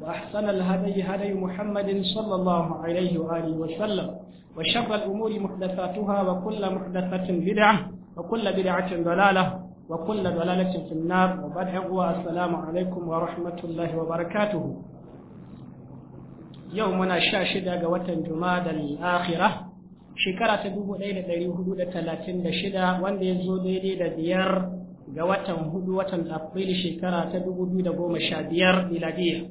وأحسن الهدي هدي محمد صلى الله عليه وآله وسلم وشر الأمور محدثاتها وكل محدثة بدعة وكل بدعة ضلالة وكل ضلالة في النار وبدعه السلام عليكم ورحمة الله وبركاته يومنا الشاشدة قوة جماد الآخرة shekara ta dubu ɗaya da ɗari hudu da talatin da shida wanda ya zo daidai da biyar ga watan hudu watan afrilu shekara ta dubu biyu da goma sha biyar miladiya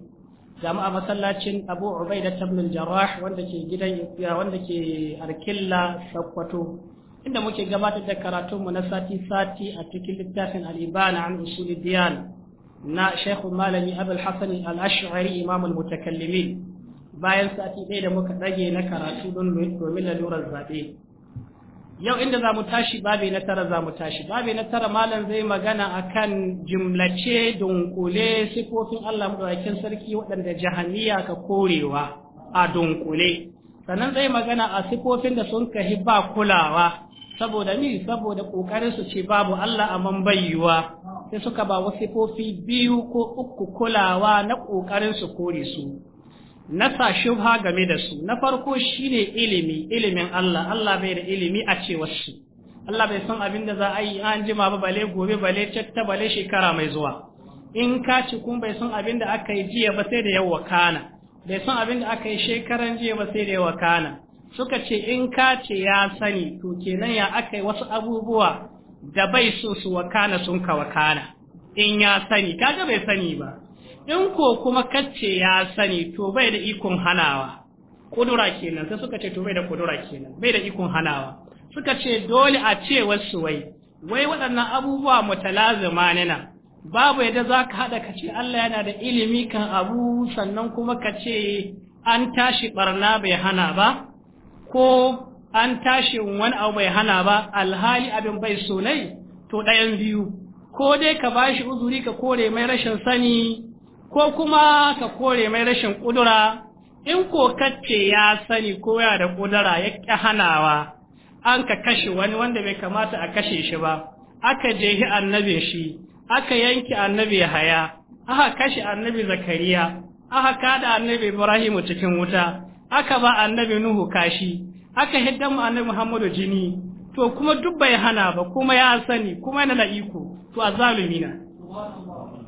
jama'a masallacin Abu Ubaida ibn al-Jarrah wanda ke gidan wanda ke Arkilla Sokoto inda muke gabatar da karatunmu na sati-sati a cikin littafin al an usuli diyan na shaikhu Malami Abul hasani al-Ash'ari Imam al bayan sati ɗaya da muka ɗage na karatu don domin lalurar zaɓe. yau inda za mu tashi babi na tara za mu tashi babi na tara malam zai magana akan jimlace dunkule sifofin Allah madaukakin sarki waɗanda jahanniya ka korewa a dunkule sannan zai magana a sifofin da sun kahi ba kulawa saboda ni saboda kokarin su ce babu Allah a man bayyuwa sai suka ba wasu sifofi biyu ko uku kulawa na ƙoƙarin su kore su nasa shubha game da su na farko shine ilimi ilimin Allah Allah bai da ilimi a cewar su Allah bai san abin da za a yi an jima ba bale gobe bale catta bale shekara mai zuwa in ka ci kun bai san abin da aka yi jiya ba sai da yawa kana bai san abin da aka yi shekaran jiya ba sai da yawa kana suka ce in ka ce ya sani to kenan ya aka yi wasu abubuwa da bai so su wakana sun ka wakana in ya sani kaga bai sani ba in ko kuma kacce ya sani to bai da ikon hanawa kudura kenan sai suka ce to bai da kudura kenan bai da ikon hanawa suka ce dole a ce wasu wai wai waɗannan abubuwa mutalazima ne na babu yadda za ka haɗa ka ce Allah yana da ilimi kan abu sannan kuma ka ce an tashi ɓarna bai hana ba ko an tashi wani abu bai hana ba alhali abin bai sonai? to ɗayan biyu ko dai ka bashi uzuri ka kore mai rashin sani ko kuma ka kore mai rashin ƙudura in ko kacce ya sani ko yana da ƙudura ya ƙi hanawa an ka kashe wani wanda bai kamata a kashe shi ba aka je jehi annabin shi aka yanke annabi haya aka kashe annabi zakariya aka kada annabi ibrahimu cikin wuta aka ba annabi nuhu kashi aka hiddan mu annabi muhammadu jini to kuma duk bai hana ba kuma ya sani kuma yana da iko to azalumi na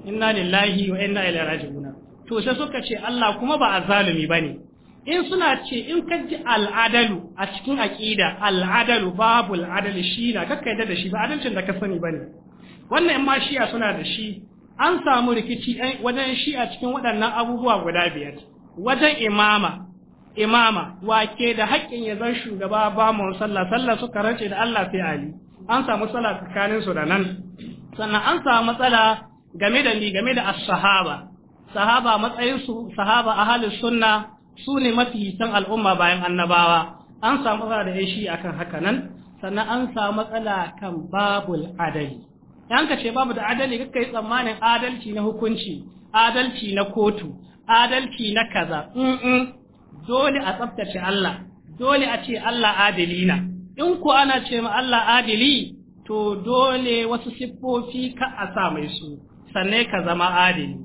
inna lillahi wa inna ilaihi raji'un to sai suka ce Allah kuma ba ba bane in suna ce in kaji al'adalu a cikin aqida al'adalu babu adali shi na kakka yadda da shi ba adalcin da ka sani bane wannan in ma shi'a suna da shi an samu rikici wajen shi'a cikin waɗannan abubuwa guda biyar wajen imama imama wake da haƙƙin ya zan shugaba ba mu sallah sallah suka rance da Allah sai Ali an samu salla tsakanin su da nan sannan an samu matsala game da ni game da as-sahaba sahaba matsayinsu sahaba ahalus sunna su ne san al'umma bayan annabawa an samu matsala da shi akan haka nan sannan an samu matsala kan babul adali yan ka ce babu da adali kaka yi tsammanin adalci na hukunci adalci na kotu adalci na kaza dole a tsaftace Allah dole a ce Allah adali na in ku ana ce ma Allah adali to dole wasu siffofi ka a sa mai su sannan ka zama adali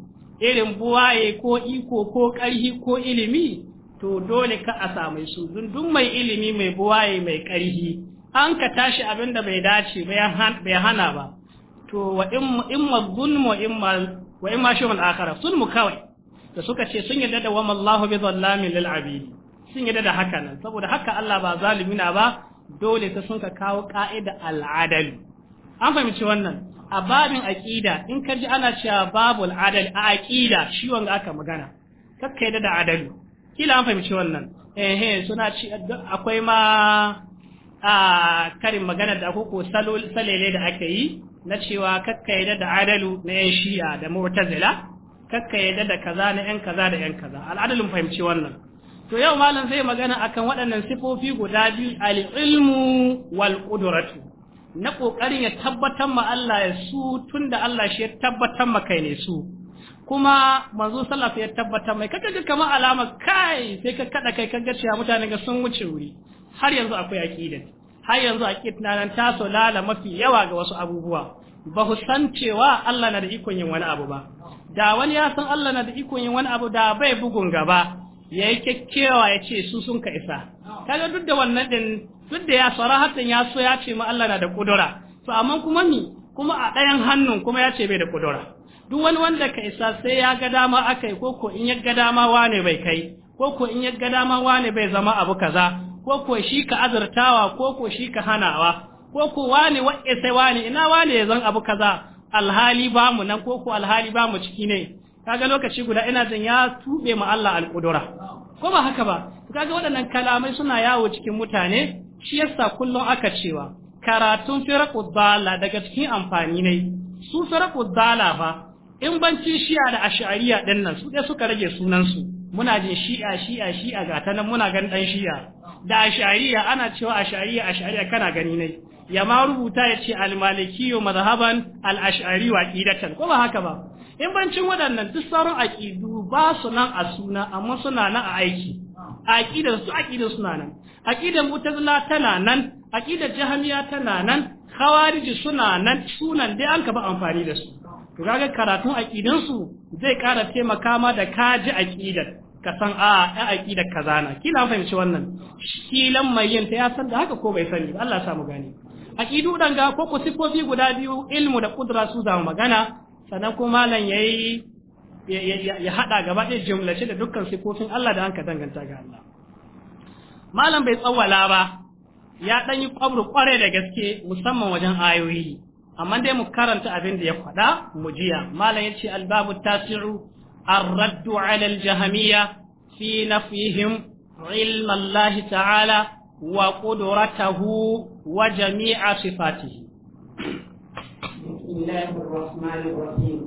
irin buwaye ko iko ko ƙarhi ko ilimi to dole ka a samu su dundun mai ilimi mai buwaye mai ƙarhi an ka tashi abin da bai dace bai hana ba to wa in ma zulmu wa in ma akhara kawai da suka ce sun yarda da wama Allahu bi zallamin lil abid sun yarda da haka nan saboda haka Allah ba zalimi na ba dole ta sun ka kawo ka'ida al'adali an fahimci wannan a babin aƙida in ka ji ana cewa babu adal a aƙida shi wanga aka magana kakka yadda da adalu kila an fahimci wannan Ehe suna ci akwai ma a karin magana da ko salele da aka yi na cewa kakka yadda da adalu na yan shi'a da mu'tazila kakka yadda da kaza na yan kaza da yan kaza al'adalin fahimci wannan to yau malam zai magana akan waɗannan sifofi guda biyu al-ilmu wal qudratu na ƙoƙarin ya tabbatar ma Allah ya su tun da Allah shi ya tabbatar ma kai ne su kuma manzo sallah ya tabbatar mai kaga ga kama alama kai sai ka kaɗa kai kaga cewa mutane ga sun wuce wuri har yanzu akwai aƙidan. har yanzu aqid na nan ta lala mafi yawa ga wasu abubuwa ba ku san cewa Allah na da ikon yin wani abu ba da wani ya san Allah na da ikon yin wani abu da bai bugun gaba ya yi kyakkyawa ya ce su sun ka isa kaga duk da wannan din duk da ya sarahatan ya so ya ce ma Allah na da kudura to amma kuma ni kuma a ɗayan hannun kuma ya ce bai da kudura duk wani wanda ka isa sai ya ga dama akai ko ko in ya ga dama wane bai kai ko ko in ya ga dama wane bai zama abu kaza ko ko shi ka azurtawa ko ko shi ka hanawa ko ko wane wa'e sai wane ina wane ya zan abu kaza alhali ba mu nan ko ko alhali ba mu ciki ne kaga lokaci guda ina jin ya tube ma Allah alƙudura ko ba haka ba kaga waɗannan kalamai suna yawo cikin mutane shi yasa kullum aka cewa karatun firaqud dala daga cikin amfani ne su firaqud dala fa in banci shi'a da ash'ariya din nan su dai suka rage sunan su muna jin shi'a shi'a shi'a ga ta nan muna gan dan shi'a da ash'ariya ana cewa ash'ariya ash'ariya kana gani ne ya ma rubuta ya ce al-malikiyyu madhhaban al-ash'ari wa qidatan ko ba haka ba in bancin waɗannan duk sauran aƙidu ba su nan a suna amma suna nan a aiki aƙidar su aƙidar suna nan aƙidar mutazila tana nan aƙidar jahamiya tana nan khawariji suna nan sunan dai an ka ba amfani da su to kaga karatun aƙidun zai ƙara taimaka ma da kaji aƙidar ka san a ya aƙidar kaza na kila fahimci wannan kilan mai yin ta ya san da haka ko bai sani ba Allah ya samu gane aƙidu ɗanga ko ku sifofi guda biyu ilmu da kudura su zama magana sannan kuma malam yayi ya haɗa gaba ɗaya jumlace da dukkan sifofin Allah da hanka danganta ga Allah malam bai tsawala ba ya ɗan yi kwamru kware da gaske musamman wajen ayoyi amma dai mu karanta abin da ya faɗa mu jiya malam ya ce albabu tasiru الرد على الجهمية في نفيهم علم الله تعالى وقدرته وجميع صفاته بسم الله الرحمن الرحيم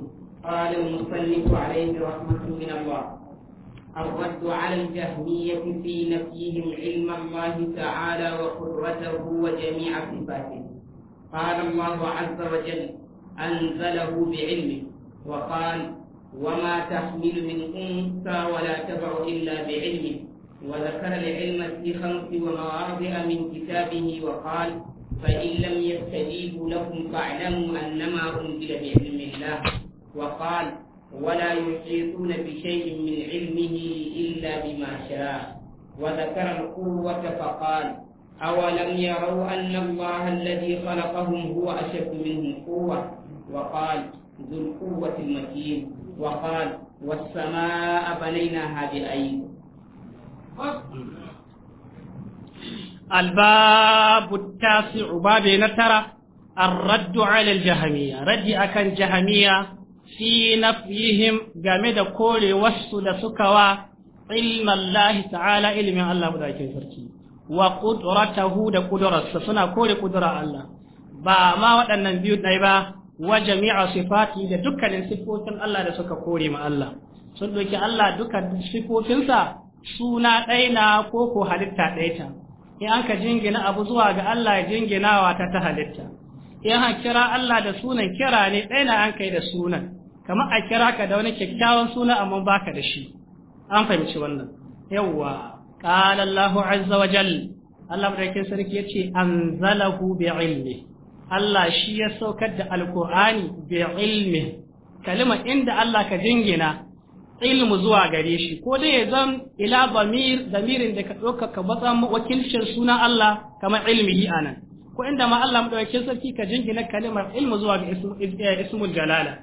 قال المصنف عليه رحمة من الله الرد على الجهمية في نفيهم علم الله تعالى وقدرته وجميع صفاته قال الله عز وجل أنزله بعلمه وقال وما تحمل من أنثى ولا تبع إلا بعلمه وذكر العلم في خمس ومواضع من كتابه وقال فإن لم يستجيبوا لكم فاعلموا أنما أنزل بعلم الله وقال ولا يحيطون بشيء من علمه إلا بما شاء وذكر القوة فقال أولم يروا أن الله الذي خلقهم هو أشد منهم قوة وقال ذو القوة المتين وقال والسماء بنيناها بأيد الباب التاسع باب نترى الرد على الجهمية رد أكن جهمية في نفيهم جامد كل وصل سكوا علم الله تعالى علم الله بذلك الفرقي وقدرته ده قدرة سنة كل قدرة الله با ما ودنا نبيو نايبا وجميع صفاته ده دكان صفوتين الله ده سكا كوري ما الله sun doki Allah duka sifofinsa suna ɗaya na ko ko halitta ɗaya ta in aka jingina abu zuwa ga Allah jinginawa ta ta halitta in an kira Allah da sunan kira ne ɗaya na an kai da sunan kamar a kira ka da wani kyakkyawan suna amma baka da shi an fahimci wannan yawwa qala Allahu azza wa jalla Allah madaukakin sarki yace anzalahu bi ilmi Allah shi ya saukar da alqur'ani bi ilmi kalima inda Allah ka jingina ilmu zuwa gare shi ko dai zan ila damir damirin da ka ɗauka ka matsa wakilcin sunan Allah kamar yi anan ko inda ma Allah madaukakin sarki ka jingina kalimar ilmu zuwa ga eh, ismul jalala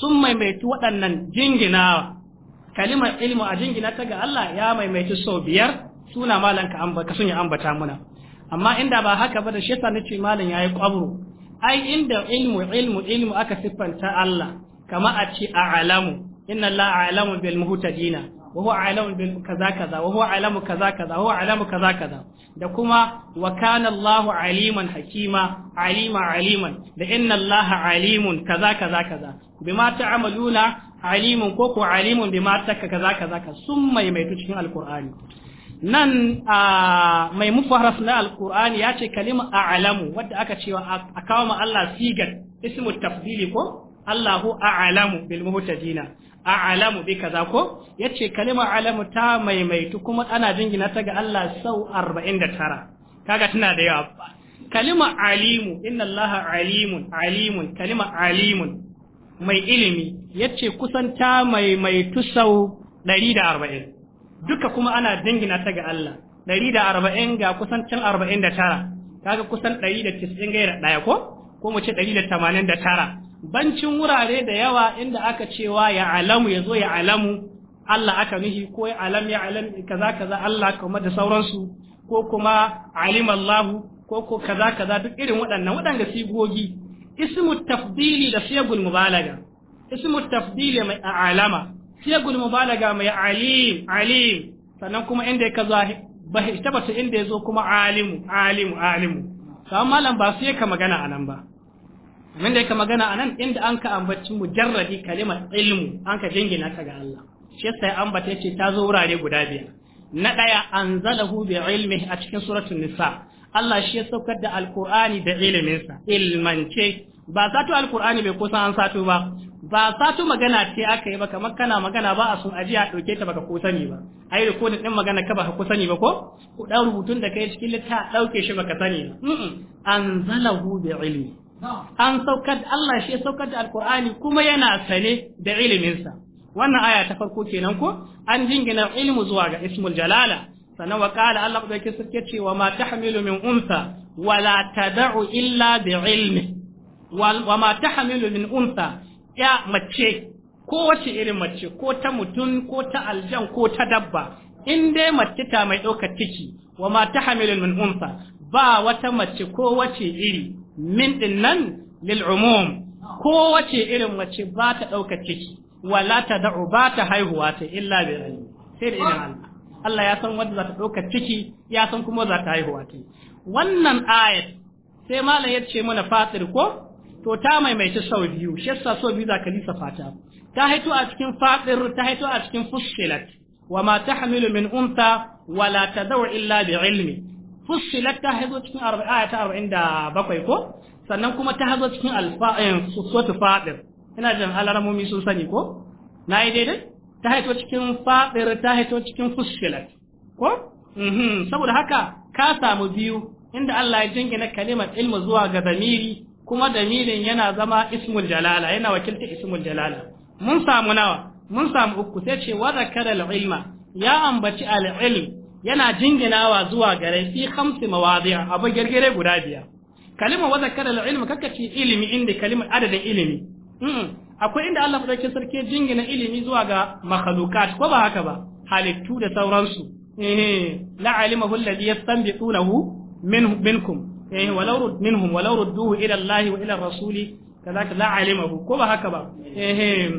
sun maimaitu waɗannan jingina kalimar ilmu a jingina ta ga Allah ya maimaitu sau biyar suna malan ka ambata sun ya ambata muna amma inda ba haka ba da shesa yasa nace malan yayi kwabro ai inda ilmu ilmu ilmu aka siffanta Allah kama a ce a'lamu inna Allah a'lamu bil muhtadina wa huwa a'lamu bil kaza kaza wa huwa a'lamu kaza kaza wa huwa a'lamu kaza kaza da kuma wa kana Allahu aliman hakima alima aliman da inna Allah alimun kaza kaza kaza bima ta'maluna alimun ko ko alimun bima taka kaza kaza ka sun maimaitu cikin alqur'ani nan a mai mufaras na alqur'ani ya ce kalima a'lamu wadda aka cewa a kawo ma Allah sigar ismu tafdili ko Allahu a'lamu bil muhtadina a'lamu bi kaza ko yace kalima alamu ta maimaitu kuma ana jingina ta ga Allah sau 49 kaga tana da yawa kalima alimu inna Allah alimun alimun kalima alimun mai ilimi yace kusan ta maimaitu sau 140 duka kuma ana jingina ta ga Allah 140 ga kusan can 49 kaga kusan 190 ga ɗaya ko ko mu ce 189 bancin wurare da yawa inda aka cewa ya alamu ya zo ya alamu Allah aka nuhi ko ya alam ya alam kaza kaza Allah kuma da sauransu ko kuma alim Allah ko ko kaza kaza duk irin waɗannan waɗanda sigogi ismu tafdili da siyagul mubalaga ismu tafdili mai alama siyagul mubalaga mai alim alim sannan kuma inda ya kaza ba tabbata inda ya zo kuma alimu alimu alimu to amma malam ba su yaka magana anan ba da yake magana anan inda an ka ambaci mujarradi kalimar ilmu an ka jingina ta ga Allah shi yasa ya ambata ce ta zo wurare guda biyar na daya anzalahu bi ilmihi a cikin suratul nisa Allah shi ya saukar da alqur'ani da iliminsa ilmance ba sato alqur'ani bai kusa an sato ba ba sato magana ce aka yi ba kamar kana magana ba a sun ajiya ɗauke ta baka ko sani ba ai rikodin din magana ka baka ko sani ba ko ku rubutun da kai cikin litta ɗauke shi baka sani ba anzalahu bi ilmi an saukar Allah shi ya saukar da alkur'ani kuma yana sane da iliminsa wannan aya ta farko kenan ko an jingina ilmu zuwa ga ismul jalala sannan wa qala Allah da yake suke cewa ma tahmilu min unsa wala tad'u illa bi ilmi wa ma tahmilu min unsa ya mace ko wace irin mace ko ta mutum ko ta aljan ko ta dabba in dai mace ta mai ɗaukar ciki wa ma tahmilu min unsa ba wata mace ko wace iri min din nan lil kowace irin mace ba ta ɗauka ciki wala ta da'u ba ta haihuwa ta illa bi ilmi sai da idan Allah Allah ya san wanda za ta ɗauka ciki ya san kuma za ta haihuwa ta wannan ayat sai malam ya ce mana fatir ko to ta maimaita sau biyu shi sau biyu za ka lisa fata ta haito a cikin fatir ta haito a cikin fussilat wa ma tahmilu min unta wala tadau illa bi ilmi fussilat ta hazo cikin aya ta 47 ko sannan kuma ta hazo cikin alfa'in eh, suratul fadir ina jin alaramomi sun sani ko nayi daidai ta haito cikin fadir ta haito cikin fussilat ko mhm saboda haka ka samu biyu inda Allah ya jingina kalimar ilmu zuwa ga damiri kuma damirin yana zama ismul jalala yana wakilta ismul jalala mun samu nawa mun samu uku sai ce wa zakara ilma ya ambaci al-ilm yana jinginawa zuwa gare fi khamsi mawadi'a abu gergere guda biyar kalimar wa zakara al-ilm ce ilimi inda kalimar adadin ilimi akwai inda Allah madaukakin sarki jingina ilimi zuwa ga makhluqat ko ba haka ba halittu da sauransu eh la alimahu alladhi yastanbiqunahu minhum minkum eh walau minhum walau rudduhu ila Allah wa ila Rasul kadaka la alimahu ko ba haka ba eh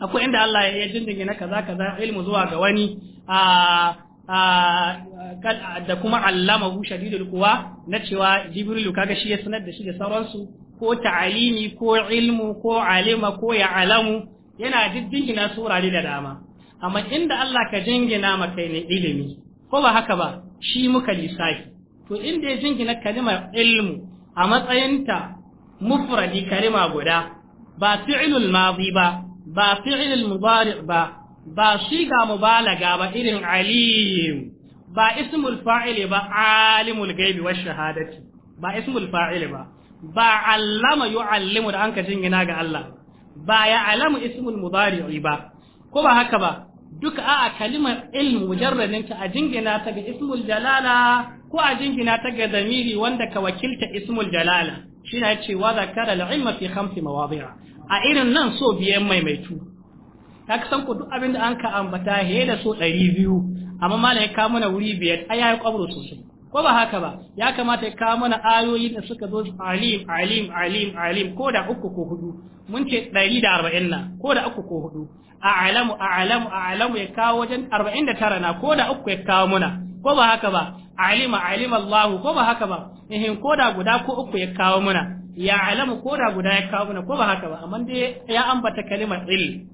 akwai inda Allah ya jingina kaza kaza ilmu zuwa ga wani a da kuma Bushe shadidul kuwa na cewa jibrilu kaga shi ya sanar da shi da sauransu ko ta'alimi ko ilmu ko alima ko ya alamu yana diddingina surare da dama amma inda Allah ka jingina maka ne ilimi ko ba haka ba shi muka lisafi to inda ya jingina kalimar ilmu a matsayinta mufradi kalima guda ba fi'ilul madi ba ba fi'ilul mudari ba ba shi ga mubalaga ba irin alim ba ismul fa'ili ba alimul gaibi wa shahadati ba ismul fa'ili ba ba allama yu'allimu da anka jingina ga Allah ba ya alamu ismul mudari'i ba ko ba haka ba duka a kalimar ilmu mujarradin ta a jingina ta ga ismul jalala ko a jingina ta ga zamiri wanda ka wakilta ismul jalala shi na ce wa zakara al-ilma fi khamsi mawadi'a a irin nan so biyan maimaitu ta san ku duk abin da an ka ambata he da so ɗari biyu amma malam ya kawo mana wuri biyar ai yayi kwabro sosai ko ba haka ba ya kamata ya kawo mana ayoyi da suka zo alim alim alim alim ko da uku ko hudu mun ce ɗari da arba'in na ko da uku ko hudu a alamu a alamu a alamu ya kawo wajen arba'in da tara na ko da uku ya kawo muna ko ba haka ba alim alim Allahu ko ba haka ba ehin ko da guda ko uku ya kawo muna ya alamu ko da guda ya kawo muna ko ba haka ba amma dai ya ambata kalimar il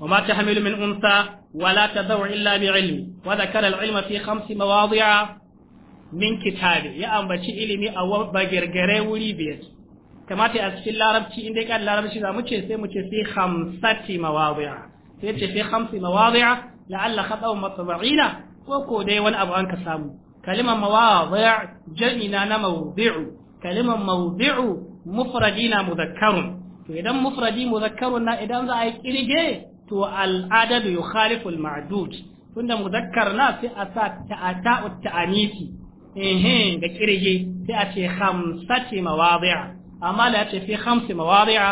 وما تحمل من أنثى ولا تدع إلا بعلم وذكر العلم في خمس مواضع من كتابه يا أم بشي إلمي أو بجرجري وليبيت كما تأسفل العربي إنك العربي إذا مشي سيمشي في خمسة مواضع سيمشي في خمس مواضع لعل خطأ مطبعين وكو دي وان أبغان كسامو كلمة مواضع جمعنا موضع كلمة موضع مفردين مذكر فإذا مفردين مذكر إذا أي كيرجي to al'adadu yukhalifu madud tunda muzakkar na sai a sa ta'ata ta'anisi eh ga kirge sai a ce khamsati mawadi'a amma la ce fi khamsi mawadi'a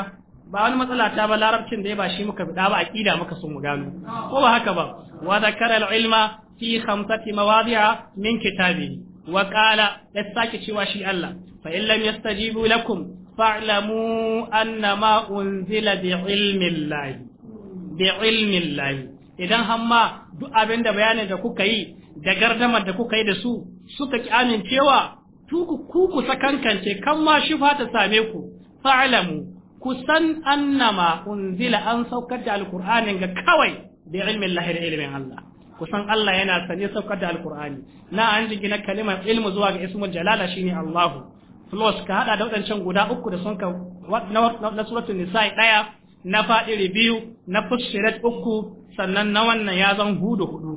ba wani matsala ta ba larabcin da ya ba shi muka bida ba aqida muka sun mu gano ko ba haka ba wa zakara al-ilma fi khamsati mawadi'a min kitabihi wa qala ya cewa shi Allah fa in lam yastajibu lakum fa'lamu annama unzila bi ilmi Allah bi ilmin lahi idan hamma duk abin da bayanin da kuka yi da gardama da kuka yi da su suka ki amincewa tuku ku ku sakankance kan ma shufa ta same ku fa'lamu kusan annama unzila an saukar da alqur'ani ga kawai bi ilmin lahi da ilmin Allah kusan Allah yana sanye saukar da alqur'ani na an na kalimar ilmu zuwa ga ismul jalala shine Allahu plus ka hada da wadancan guda uku da sunka na suratul nisa'i daya na faɗi biyu na fusirat uku sannan na wannan ya zan hudu hudu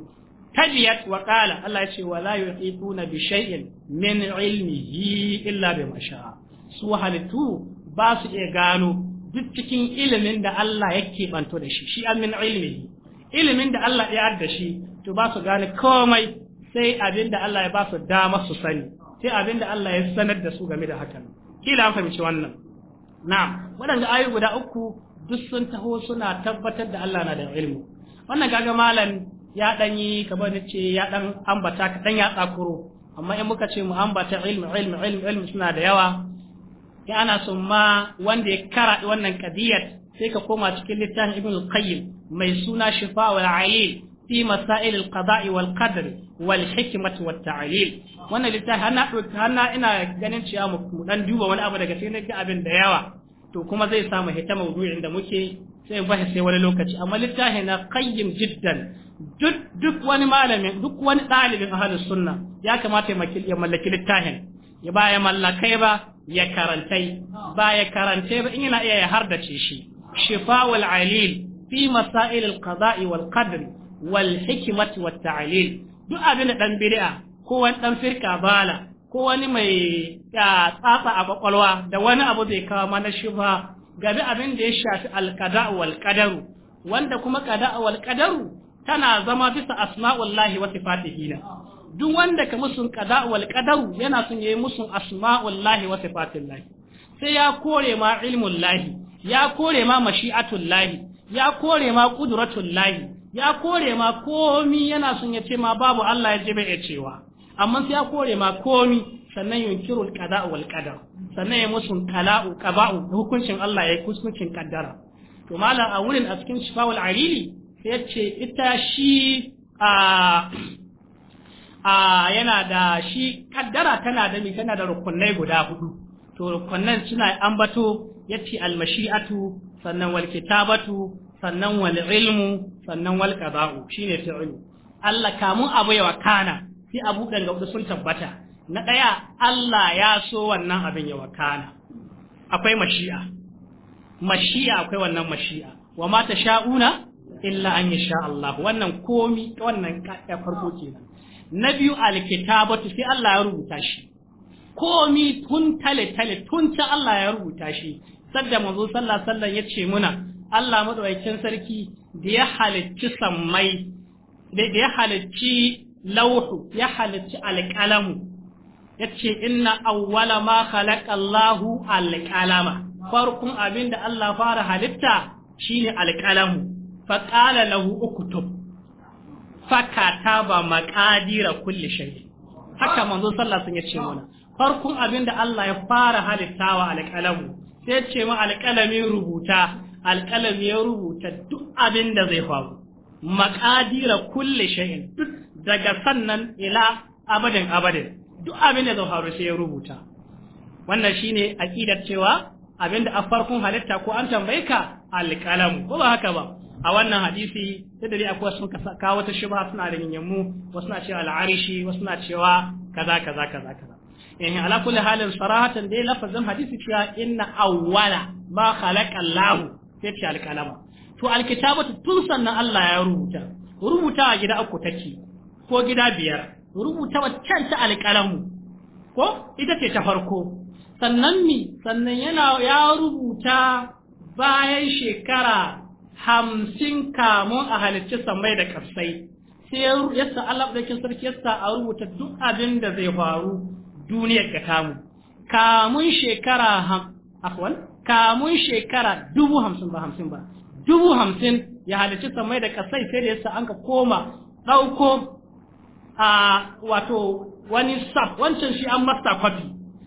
tajiyat wa qala Allah ya ce ya yuhituna bi shay'in min ilmihi illa bi masha su halittu ba su iya gano duk cikin ilimin da Allah yake banto da shi shi min ilmihi ilimin da Allah ya adda shi to ba su gane komai sai abinda da Allah ya ba su dama su sani sai abinda Allah ya sanar da su game da hakan kila an fahimci wannan na'am waɗanda ayu guda uku duk sun taho suna tabbatar da Allah na da ilmu wannan gaga malam ya dan yi kamar ce ya dan ambata kadan ya tsakuro amma in muka ce mu ambata ilmu ilmu ilmu suna da yawa ya ana son ma wanda ya kara wannan kadiyar sai ka koma cikin littafin Ibn al-Qayyim mai suna Shifa wal Alil fi masail al-qada'i wal qadr wal hikmat wat ta'lil wannan littafin ana ina ganin cewa mu dan duba wani abu daga cikin abin da yawa to kuma zai samu hita maudu'in da muke sai ba sai wani lokaci amma littafin na qayyim jiddan duk duk wani malamin duk wani dalibin ahlus sunna ya kamata ya mallaki littafin ya ba ya mallakai ba ya karantai ba ya karantai ba in yana iya ya hardace shi shifawul alil fi masail alqada'i wal qadr wal hikmati wat ta'lil duk abin da dan bid'a ko wani dan firka bala ko wani mai tsatsa a kwakwalwa da wani abu zai kawo mana shubha game abin da ya shafi alkada wal qadaru wanda kuma kada wal qadaru tana zama bisa asma'ullahi wa sifatihi na duk wanda ka musun kada wal qadaru yana son yayi musun asma'ullahi wa sifatillahi sai ya kore ma ilmun lahi ya kore ma mashi'atul lahi ya kore ma qudratul lahi ya kore ma komi yana son ya ce ma babu Allah ya jibe ya cewa amma sai ya kore ma komi sannan yunkirul qada wal qadar sannan ya musu kala'u qaba'u hukuncin Allah ya kusucin kaddara to malam a wurin a cikin shifawul alili sai yace ita shi a a yana da shi kaddara tana da mi tana da rukunai guda hudu to rukunan suna ambato yace almashi'atu sannan wal kitabatu sannan wal ilmu sannan wal qada'u shine fi'lu Allah kamun abu ya wakana sai abubuwan ga sun tabbata na ɗaya Allah ya so wannan abin ya wakana akwai mashi'a mashi'a akwai wannan mashi'a wa ma ta sha'una illa an sha Allah wannan komi wannan ya farko kenan na biyu alkitabatu sai Allah ya rubuta shi komi tun tale tale tun ta Allah ya rubuta shi sadda manzo sallallahu alaihi ya ce muna Allah madaukakin sarki da ya halicci sammai da ya halicci lauhu ya halarci alƙalamu ya ce inna awwala ma khalaqa Allahu alƙalama farkon abin da Allah fara halitta shine alƙalamu fa qala lahu uktub fa ba maqadira kulli shay haka manzo sallallahu alaihi wasallam ya ce mana farkon abin da Allah ya fara halittawa alƙalamu sai ya ce ma alƙalamin rubuta alkalami ya rubuta duk abin da zai faru maƙadira kulle shayin duk daga sannan ila abadin abadin duk abin da zauharu sai ya rubuta wannan shine aqidar cewa abin da a farkon halitta ko an tambaye ka alqalam ko ba haka ba a wannan hadisi da dare akwai sun kawo wata shuba suna da yammu wasu na cewa al'arishi wasu na cewa kaza kaza kaza kaza eh ala kulli halin sarahatan dai lafazin hadisi cewa inna awwala ma khalaqa Allah sai ce alkalama to alkitabatu tun sannan Allah ya rubuta rubuta a gida uku take ko gida biyar rubuta waccan ta alƙalamu ko ita ce ta farko sannan mi sannan yana ya rubuta bayan shekara hamsin kamun a halicci sammai da karsai sai ya sa Allah da sarki ya sa a rubuta duk abin da zai faru duniyar ga tamu kamun shekara akwai? kamun shekara dubu hamsin ba hamsin ba dubu hamsin ya halicci sammai da kasai sai da yasa an ka koma ɗauko a wato wani sub wancan shi an masta kwafi.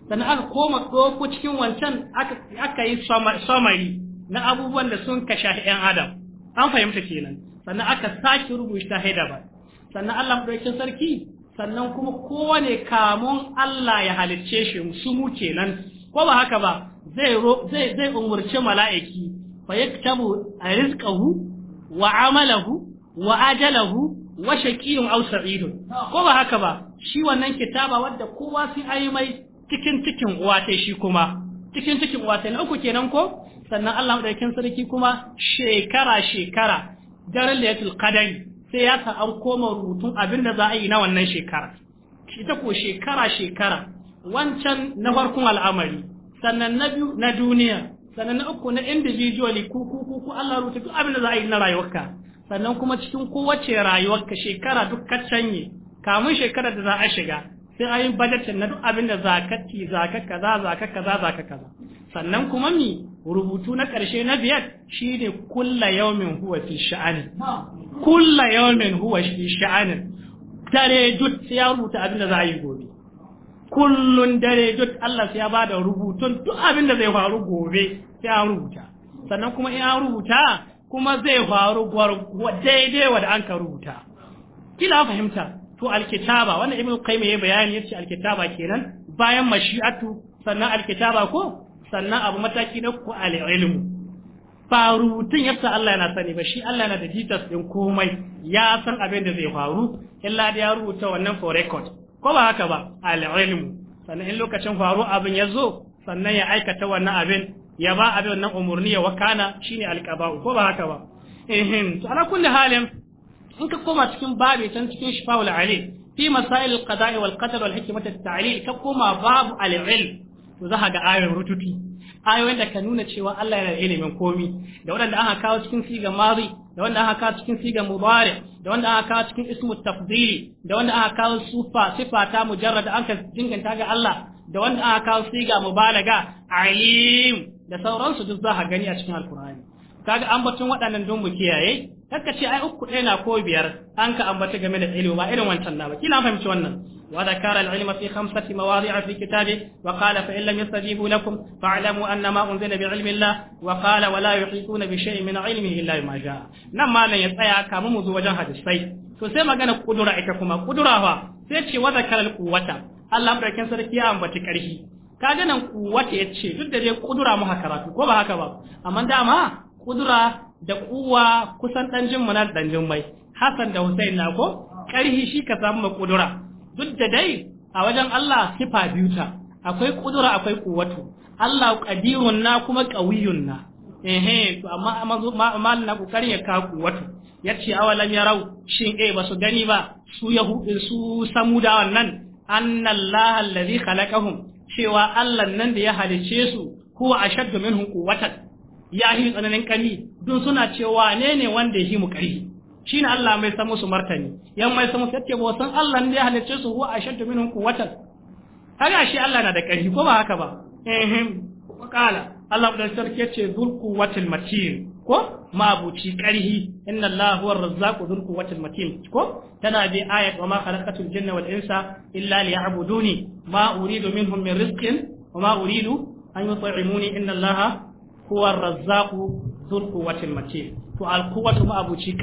sannan aka koma ɗauko cikin wancan aka yi samari na abubuwan da sun kashe ‘yan adam an fahimta kenan sannan aka sake rubuta haida ba sannan Allah maɗaukin sarki sannan kuma ne kamun Allah ya halicce shi su mu kenan ko ba haka ba zai zai zai umurci mala'iki fa yaktabu rizqahu wa amalahu wa ajalahu wa shaqiyun aw sa'idun ko ba haka ba shi wannan kitaba wadda kowa sai ayi mai cikin cikin uwa ta shi kuma cikin cikin uwa ta na uku kenan ko sannan Allah madaukakin sarki kuma shekara shekara daren lailatul qadar sai ya sa an koma rubutun abin da za a yi na wannan shekara ita ko shekara shekara wancan na farkon al'amari sannan na biyu na duniya sannan na uku na individually ku ku ku Allah rubuta abinda abin za a yi na rayuwarka sannan kuma cikin kowace rayuwarka shekara duk ka canye kamun shekara da za a shiga sai a yi bajetin na duk abin da zakati zaka kaza zaka kaza zaka kaza sannan kuma mi rubutu na ƙarshe na biyar shine kulla yawmin huwa fi sha'ani kulla yawmin huwa fi sha'anin dare duk sai ya rubuta abin da za a yi gobe kullun dare duk Allah sai ya bada rubutun duk abin da zai faru gobe sai ya rubuta sannan kuma in an rubuta kuma zai faru daidai wa da an ka rubuta kila fahimta to alkitaba wannan ibnu qayyim ya bayani yace alkitaba kenan bayan mashi'atu sannan alkitaba ko sannan abu mataki na ku al-ilmu farutun yasa Allah yana sani ba shi Allah yana da details ɗin komai ya san abin da zai faru illa da ya rubuta wannan for record ko ba haka ba al-ilmu sannan in lokacin faru abin ya zo sannan ya aikata wannan abin ya ba abin wannan umurni ya wakana shine alqaba'u ko ba haka ba ehem to ala kulli halin in ka koma cikin babu can cikin shifa'ul ali fi masail alqada'i wal qadar wal hikmat at-ta'lil ka koma babu al-ilm to za ga ayoyin rututi ayoyin da ka nuna cewa Allah yana da ilimin komi da wanda aka kawo cikin siga Mazi, da wanda aka kawo cikin siga mubari da wanda aka kawo cikin ismu tafdili da wanda aka kawo sufa sifa ta mujarrada an ka dinganta ga Allah da wanda aka kawo siga mubalaga alim da sauransu duk za a gani a cikin alkur'ani kaga ambaton waɗannan don mu kiyaye kaka ce ai uku ɗaya na ko biyar an ka ambata game da ilimi ba irin wancan na ba kila an fahimci wannan wa zakara al-ilm fi khamsati mawadi'a fi kitabi wa qala fa illam yastajibu lakum fa'lamu anna ma unzila bi ilmi Allah wa qala wa la yuhituna bi shay'in min ilmihi illa ma jaa nan malan ya tsaya kamun mu zo wajen hadisai to sai magana kudura ita kuma kudura fa sai ce wa zakara al-quwwata Allah barkin sarki ya ambaci karfi kaga nan ya yace duk da dai kudura mu karatu ko ba haka ba amma dama kudura da kuwa kusan dan jin mana dan jin mai Hassan da Hussein na ko karhi shi ka samu kudura duk da dai a wajen Allah sifa biyu ta akwai kudura akwai kuwatu Allah qadirun na kuma qawiyun na ehe to amma mal na kokarin ya ka kuwatu yace ya rau shin eh su gani ba su yahu su samuda wannan annallaha allazi khalaqahum cewa Allah nan da ya halice su huwa ashaddu minhum quwwatan ya yi tsananin kari don suna cewa ne ne wanda ya yi mu shi ne Allah mai san musu martani yan mai san su yace ba san Allah nan da ya halice su huwa ashaddu minhum quwwatan kaga shi Allah na da kari ko ba haka ba eh kala Allah da sarki yace zul quwwatil matin ko mabuci karhi inna Allah huwa razzaqu dhul quwwatil matin ko tana bi ayat wa ma khalaqatul wal insa illa liya'buduni ma uridu minhum min rizqin wa ma uridu an yut'imuni inna Allah huwa razzaqu dhul quwwatil matin to al quwwatu mabuci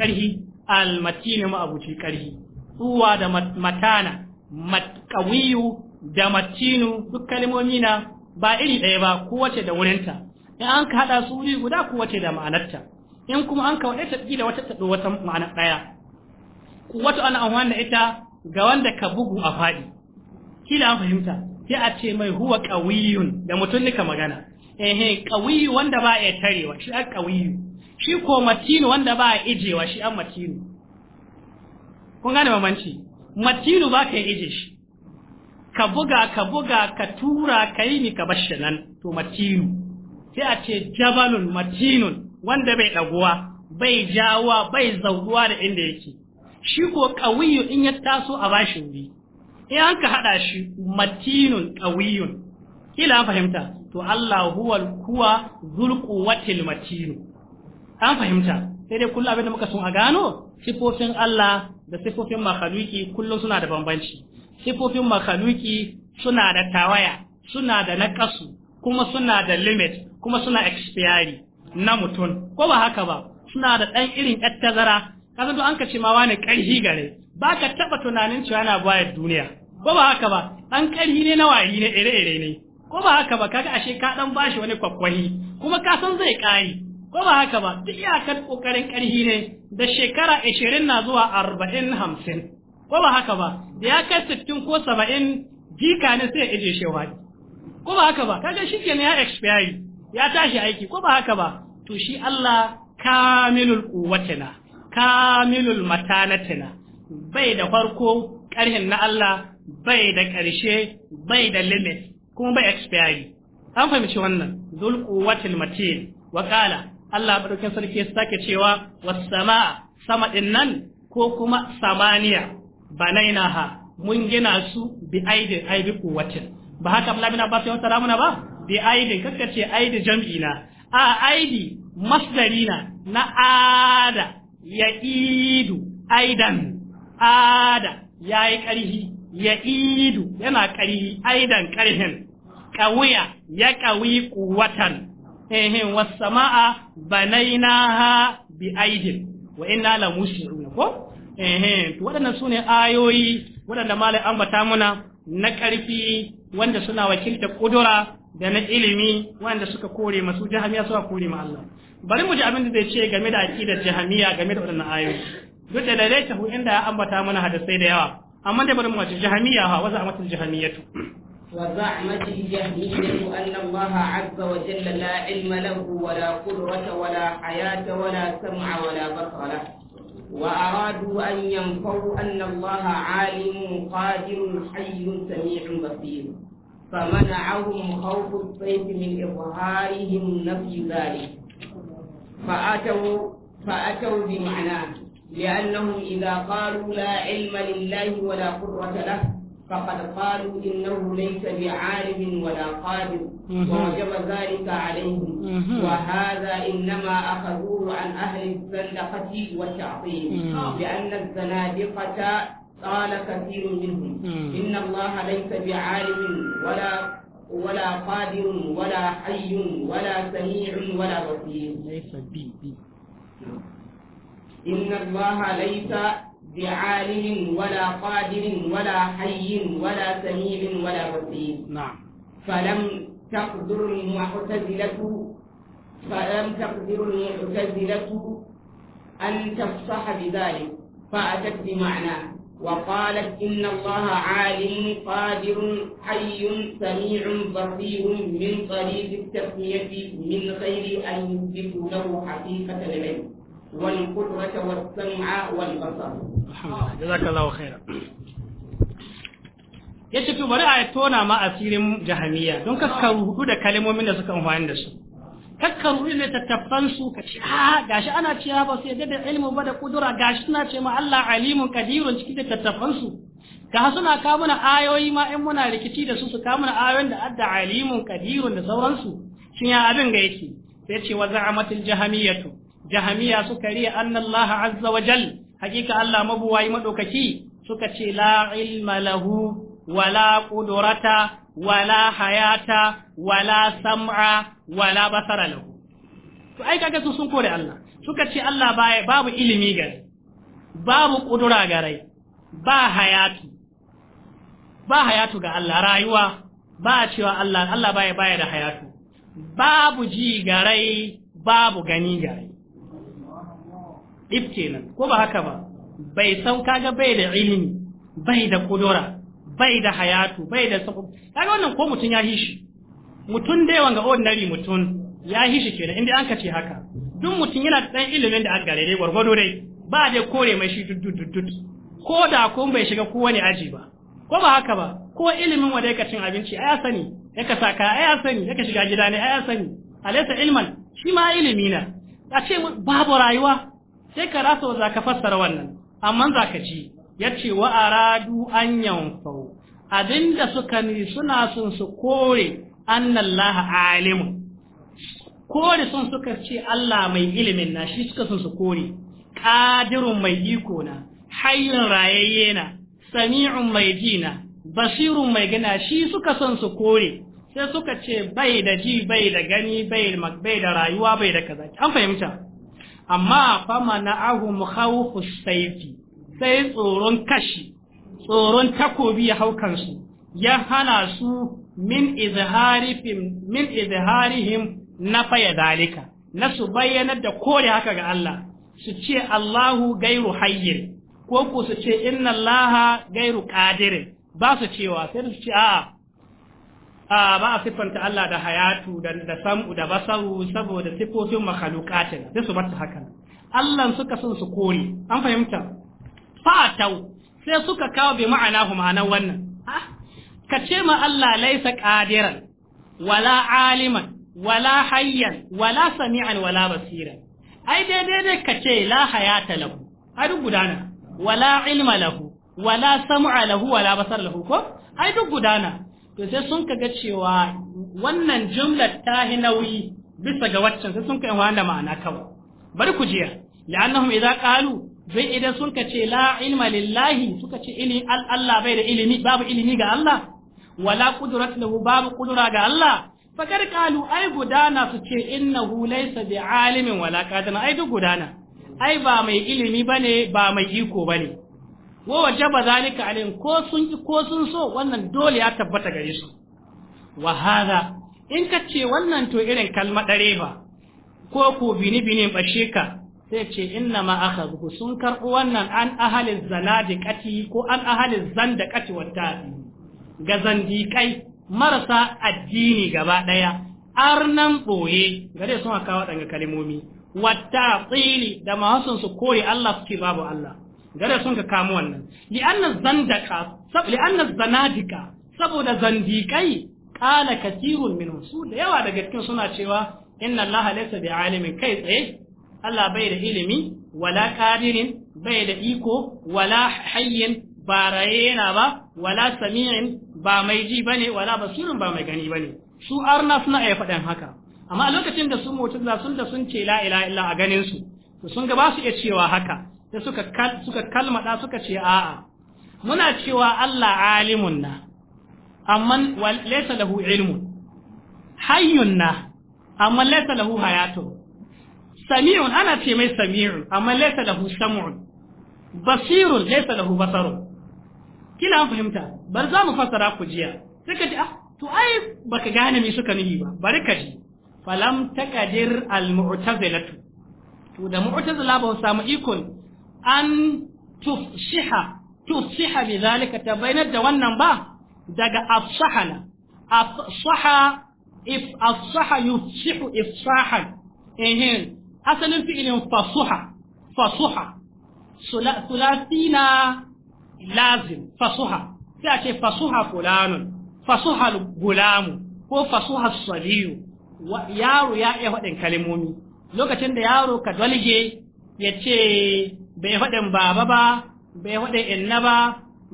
al matin mabuci uwa da matana matqawiyu da matinu duk kalmomi na ba iri ɗaya ba kowace da wurinta in an ka haɗa su wuri guda kowace da ma'anarta in kuma an kawo ita da wata ta wata ma'ana ɗaya wata ana amfani da ita ga wanda ka bugu a faɗi kila an fahimta sai a ce mai huwa ƙawiyun, da mutum nika magana ehe ƙawiyu wanda ba a tarewa shi an ƙawiyu shi ko matinu wanda ba a ijewa shi an matinu kun gane mamanci matinu ba ka ije shi ka buga ka buga ka tura ka yi ni ka bashi nan to matinu sai a ce jabalun matinun wanda bai ɗaguwa bai jawa bai zauduwa da inda yake shi ko ƙawiyu in ya taso a bashi wuri in an ka haɗa shi matinun ƙawiyun kila an fahimta to Allah huwal kuwa zulku watil matinu an fahimta sai dai kullum abin da muka sun a gano sifofin Allah da sifofin makhaluki kullum suna da bambanci sifofin makhaluki suna da tawaya suna da naƙasu kuma suna da limit kuma suna expiry na mutum ko ba haka ba suna da ɗan irin ƴar tazara kasan to an ka ce ma wani ƙarhi gare ba ka taɓa tunanin cewa yana bayar duniya ko ba haka ba ɗan ƙarhi ne na wayi ne ire-ire ne ko ba haka ba kaga ashe ka ɗan bashi wani kwakwahi kuma ka san zai ƙari ko ba haka ba duk iyakar ƙoƙarin ƙarhi ne da shekara ashirin na zuwa arba'in hamsin ko ba haka ba da ya kai sittin ko saba'in jika ne sai ya ije shewa ko ba haka ba kaga shi ya expire ya tashi aiki ko ba haka ba to shi Allah kamilul quwwatina kamilul matanatina bai da farko ƙarhin na Allah bai da ƙarshe bai da limit kuma bai expiry an fahimci wannan zul quwwatil matin wa qala Allah madaukakin sarki ya sake cewa was samaa sama din ko kuma samaniya banainaha mun gina su bi aidin aibi quwwatin ba haka Allah bin Abbas ya wata ramuna ba bi aidin kakka ce aidi jam'i na a aidi masdari na na ada ya idu aidan ada ya yi ƙarhi ya idu yana karhi aidan karhin kawiya ya kawi kuwatan ehin wasama'a ha bi aidin wa inna la musiruna ko ehin to waɗannan sune ayoyi waɗanda malai ambata muna na ƙarfi wanda suna wakilta kudura da na ilimi wanda suka kore masu jahamiya suka kore ma Allah bari mu ji abin da zai ce game da aqidar jahamiya game da wadannan ayoyi duk da dai ta inda ya ambata mana hadisai da yawa amma dai bari mu ji jahamiya ha wasu amatul jahamiyatu وزعمت الجهمية أن الله عز وجل لا علم له ولا قدرة ولا حياة ولا سمع ولا بصر له وأرادوا أن ينفوا أن الله عالم قادر حي سميع بصير فمنعهم خوف الصيف من إظهارهم نفي ذلك فأتوا فأتوا بمعناه لأنهم إذا قالوا لا علم لله ولا قدرة له فقد قالوا إنه ليس بعالم ولا قادر ووجب ذلك عليهم وهذا إنما أخذوه عن أهل الزندقة والتعطيل لأن الزنادقة قال كثير منهم إن الله ليس بعالم ولا ولا قادر ولا حي ولا سميع ولا بصير ليس بي بي إن الله ليس بعالم ولا قادر ولا حي ولا سميع ولا بصير نعم فلم تقدر المعتزلة فلم تقدر المعتزلة أن تفصح بذلك فأتت بمعنى وقالت إن الله عالم قادر حي سميع بصير من طريق التسمية من غير أن يدركوا له حقيقة العلم والقدرة والسمع والبصر. الحمد لله جزاك الله خيرا. yace to bari a tona ma asirin jahamiya don ka hudu da kalmomin da suka amfani da su kakkaru ne tattafan su ka ce a ah, gashi ana cewa ba su yadda da ilmi ba da kudura gashi suna ce ma Allah alimun kadirun cikin tattafan su ga suna kamuna ayoyi ma in muna rikici da su su kamuna ayoyin da adda alimun kadirun da sauransu shin ya abin ga yake sai ce wa za'amatul jahamiyatu jahamiya suka riya anna azza wa jal hakika Allah mabuwayi madaukaki suka ce la ilma lahu wala qudrata wala hayata wala sam'a wala basara lahu to ai kaga su sun kore Allah suka ce Allah baya babu ilimi gare babu kudura gare ba hayatu ba hayatu ga Allah rayuwa ba cewa Allah Allah baya baya da hayatu babu ji gare babu gani gare Ibtinan, ko ba haka ba bai sauka ga bai da ilimi bai da kudura bai da hayatu bai da sabu kaga wannan ko mutun ya hishi mutun dai wanga ordinary mutun ya hishi kenan inda an kace haka duk mutun yana dan ilimin da aka gare dai gwargwado dai ba dai kore mai shi dud, ko da ko bai shiga kowane aji ba ko ba haka ba ko ilimin wanda yake cin abinci ai sani yake saka ai sani yake shiga gida ne ai sani alaysa ilman shi ma ilimi na a ce babu rayuwa sai ka rasa za ka fassara wannan amma za ka ji ya ce wa aradu an yanfau abinda suka ni suna sun su kore annallaha alimu kore sun suka ce Allah mai ilimin na shi suka sun su kore kadirun mai iko na hayyun rayayye na sami'un mai jina, na basirun mai gina shi suka sun su kore sai suka ce bai da ji bai da gani bai bai da rayuwa bai da kaza an fahimta amma fa ahu hau sayfi sai tsoron kashi tsoron takobi ya hau kansu ya hana su min izharifim izharihim na faya dalika na su bayyanar da kore haka ga Allah su ce Allahu gairu hayyin ko ku su ce inna Allah gairu qadir ba su cewa sai su ce a'a a ba a siffanta Allah da hayatu da sam'u da basaru saboda sifofin makhluqatin sai su bar haka. Allah suka son su kore an fahimta fatau sai suka kawo bi ma'ana hu ma'anan wannan ka ce ma Allah laisa qadiran wala aliman wala hayyan wala sami'an wala basira ai daidai dai ka ce la hayata lahu ai duk gudana wala ilma lahu wala sam'a lahu wala basar lahu ko ai duk gudana to sai sun kaga cewa wannan jumlar ta hi nauyi bisa ga waccan sai sun kai wanda ma'ana kawai bari ku jiya la'annahum idza qalu don idan sun ka ce la ilma lillahi suka ce ilimi Allah bai da ilimi babu ilimi ga Allah wala qudrat lahu babu kudura ga Allah fakar kalu ai gudana su ce innahu laysa bi alimin wala qadana ai duk gudana ai ba mai ilimi bane ba mai iko bane wa wajaba zalika alayhim ko sun ki ko sun so wannan dole ya tabbata gare su wa hada in ka ce wannan to irin kalma dare ba ko ko bini bini bashe ka sai ce inna ma aka zuku sun karɓi wannan an ahalin zanadiƙati ko an ahalin zandaƙati wata ga zandikai, marasa addini gaba ɗaya arnan ɓoye gare sun kawo waɗanga kalimomi wata tsili da mahasun su kori Allah suke babu Allah gare sun ka kamo wannan li'anna zandaka li'anna zanadika saboda zandikai ƙala kasirun min su da yawa daga cikin suna cewa inna Allah laysa bi alimin kai tsaye Allah bai da ilimi wala kadirin bai da iko wala hayyin ba rayena ba wala sami'in ba mai ji bane wala basirin ba mai gani bane su arna suna iya faɗin haka amma a lokacin da su da sun da sun ce la ilaha illa a ganin su to sun ga ba su iya cewa haka da suka suka kalmada suka ce a'a muna cewa Allah alimun na amma laysa lahu ilmun hayyun na amma laysa lahu hayatun sami'un ana ce mai sami'un amma laysa lahu sam'un basirun laysa lahu basarun kila an fahimta bar za mu fassara ku jiya suka ce ah to ai baka gane me suka nuhi ba bari ka ji falam taqadir al mu'tazilatu to da mu'tazila ba samu ikon an tufsiha tufsiha bi zalika tabayyana da wannan ba daga afsahana afsaha if afsaha yufsihu ifsahan ehin asalin fi'ilin fasuha fasuha sulasina lazim fasuha sai a ce fasuha fulanun fasuha gulamu ko fasuha saliyu yaro ya iya faɗin kalimomi. lokacin da yaro ka dalge ya ce bai faɗin baba ba bai faɗin inna ba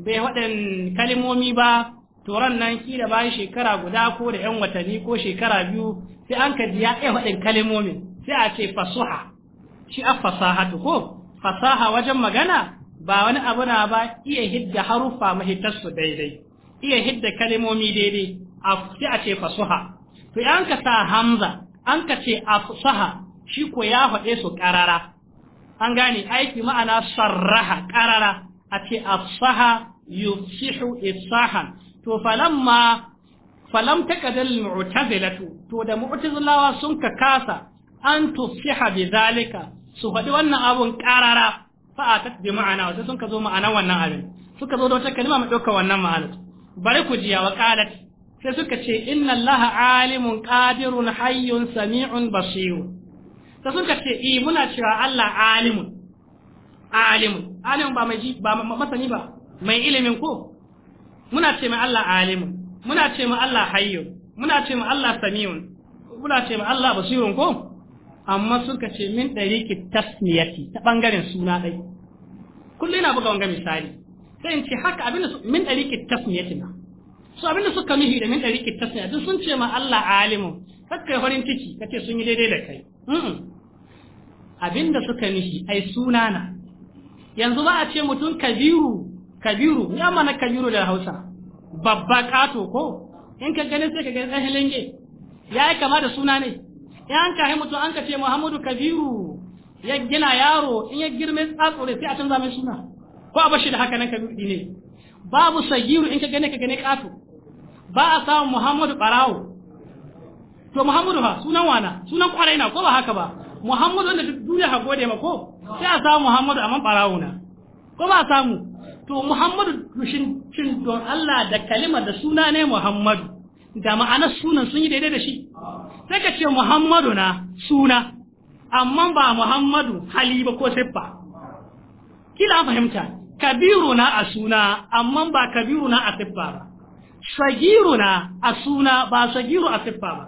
bai faɗin kalimomi ba turan nan kila bayan shekara guda ko da 'yan watanni ko shekara biyu sai an ka ji ya iya faɗin kalimomin sai a ce fasuha shi a fasahatu ko fasaha wajen magana ba wani abu na ba iya hidda harufa mahitarsu daidai iya hidda kalimomi daidai sai a ce fasuha to an ka sa hamza an ka ce afsaha shi ko ya faɗe su ƙarara an gane aiki ma'ana sarraha ƙarara a ce afsaha yufsihu isahan. to falamma falam takadal mu'tazilatu to da mu'tazilawa sun ka kasa an tusiha bi zalika su faɗi wannan abun ƙarara fa'atat bi ma'ana wasu sun ka zo ma'anan wannan abin suka zo da wata kalma mai ɗaukar wannan ma'anar bari ku jiya wa qalat sai suka ce inna allaha alimun qadirun hayyun sami'un basirun sai suka ce i e, muna cewa Allah alimun alimun alimun ba mai ba masani ba mai ilimin ko muna ce mai Allah alimun muna ce mai Allah hayyun muna ce mai Allah sami'un muna ce mai Allah basirun ko amma suka ce min ɗari ki tasmiyati ta ɓangaren suna ɗai kullum yana buga wanga misali sai in ce haka abin da min ɗari ki tasmiyati na su abin da suka nuhi da min ɗari ki tasmiyati sun ce ma Allah Alimu. kakka ya farin ciki ka ce sun yi daidai da kai abin da suka nuhi ai suna na yanzu ba a ce mutum kabiru kabiru ya mana kabiru da hausa babba kato ko in ka gani sai ka gani ɗan hilinge ya yi kama da suna ne in an kahi mutum an kace Muhammadu Kabiru ya gina yaro in ya girme tsatsure sai a canza mai suna ko a bashi da haka nan Kabiru ne babu sagiru in ka gane ka gane katu ba a samu Muhammadu Barawo to Muhammadu ha sunan wana sunan kwarai na ko ba haka ba Muhammadu wanda duniya ha gode ma ko sai a samu Muhammadu amma Barawo na ko ba a samu to Muhammadu shin don Allah da kalima da suna ne Muhammadu da ma'anar sunan sun yi daidai da shi sai ka ce muhammadu na suna amma ba muhammadu hali ba ko siffa kila fahimta kabiru na a suna amma ba kabiru na a siffa ba sagiru na a suna ba sagiru a siffa ba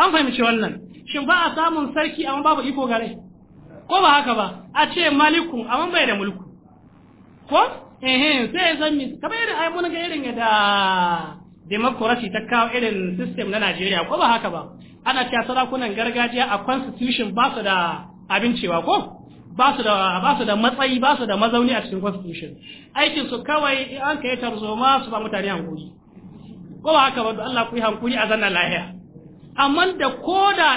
an fahimci wannan shin ba a samun sarki amma babu iko gare ko ba haka ba a ce malikun amma bai da mulku ko ehe sai zan mis, kamar yadda ai mun ga irin da democracy ta kawo irin system na Najeriya ko ba haka ba ana cewa sarakunan gargajiya a constitution ba su da abin cewa ko ba su da ba su da matsayi ba su da mazauni a cikin constitution aikin su kawai in an kai tarzoma su ba mutane hankuri ko ba haka ba da Allah ku yi hankuri a zanna lahiya amma da koda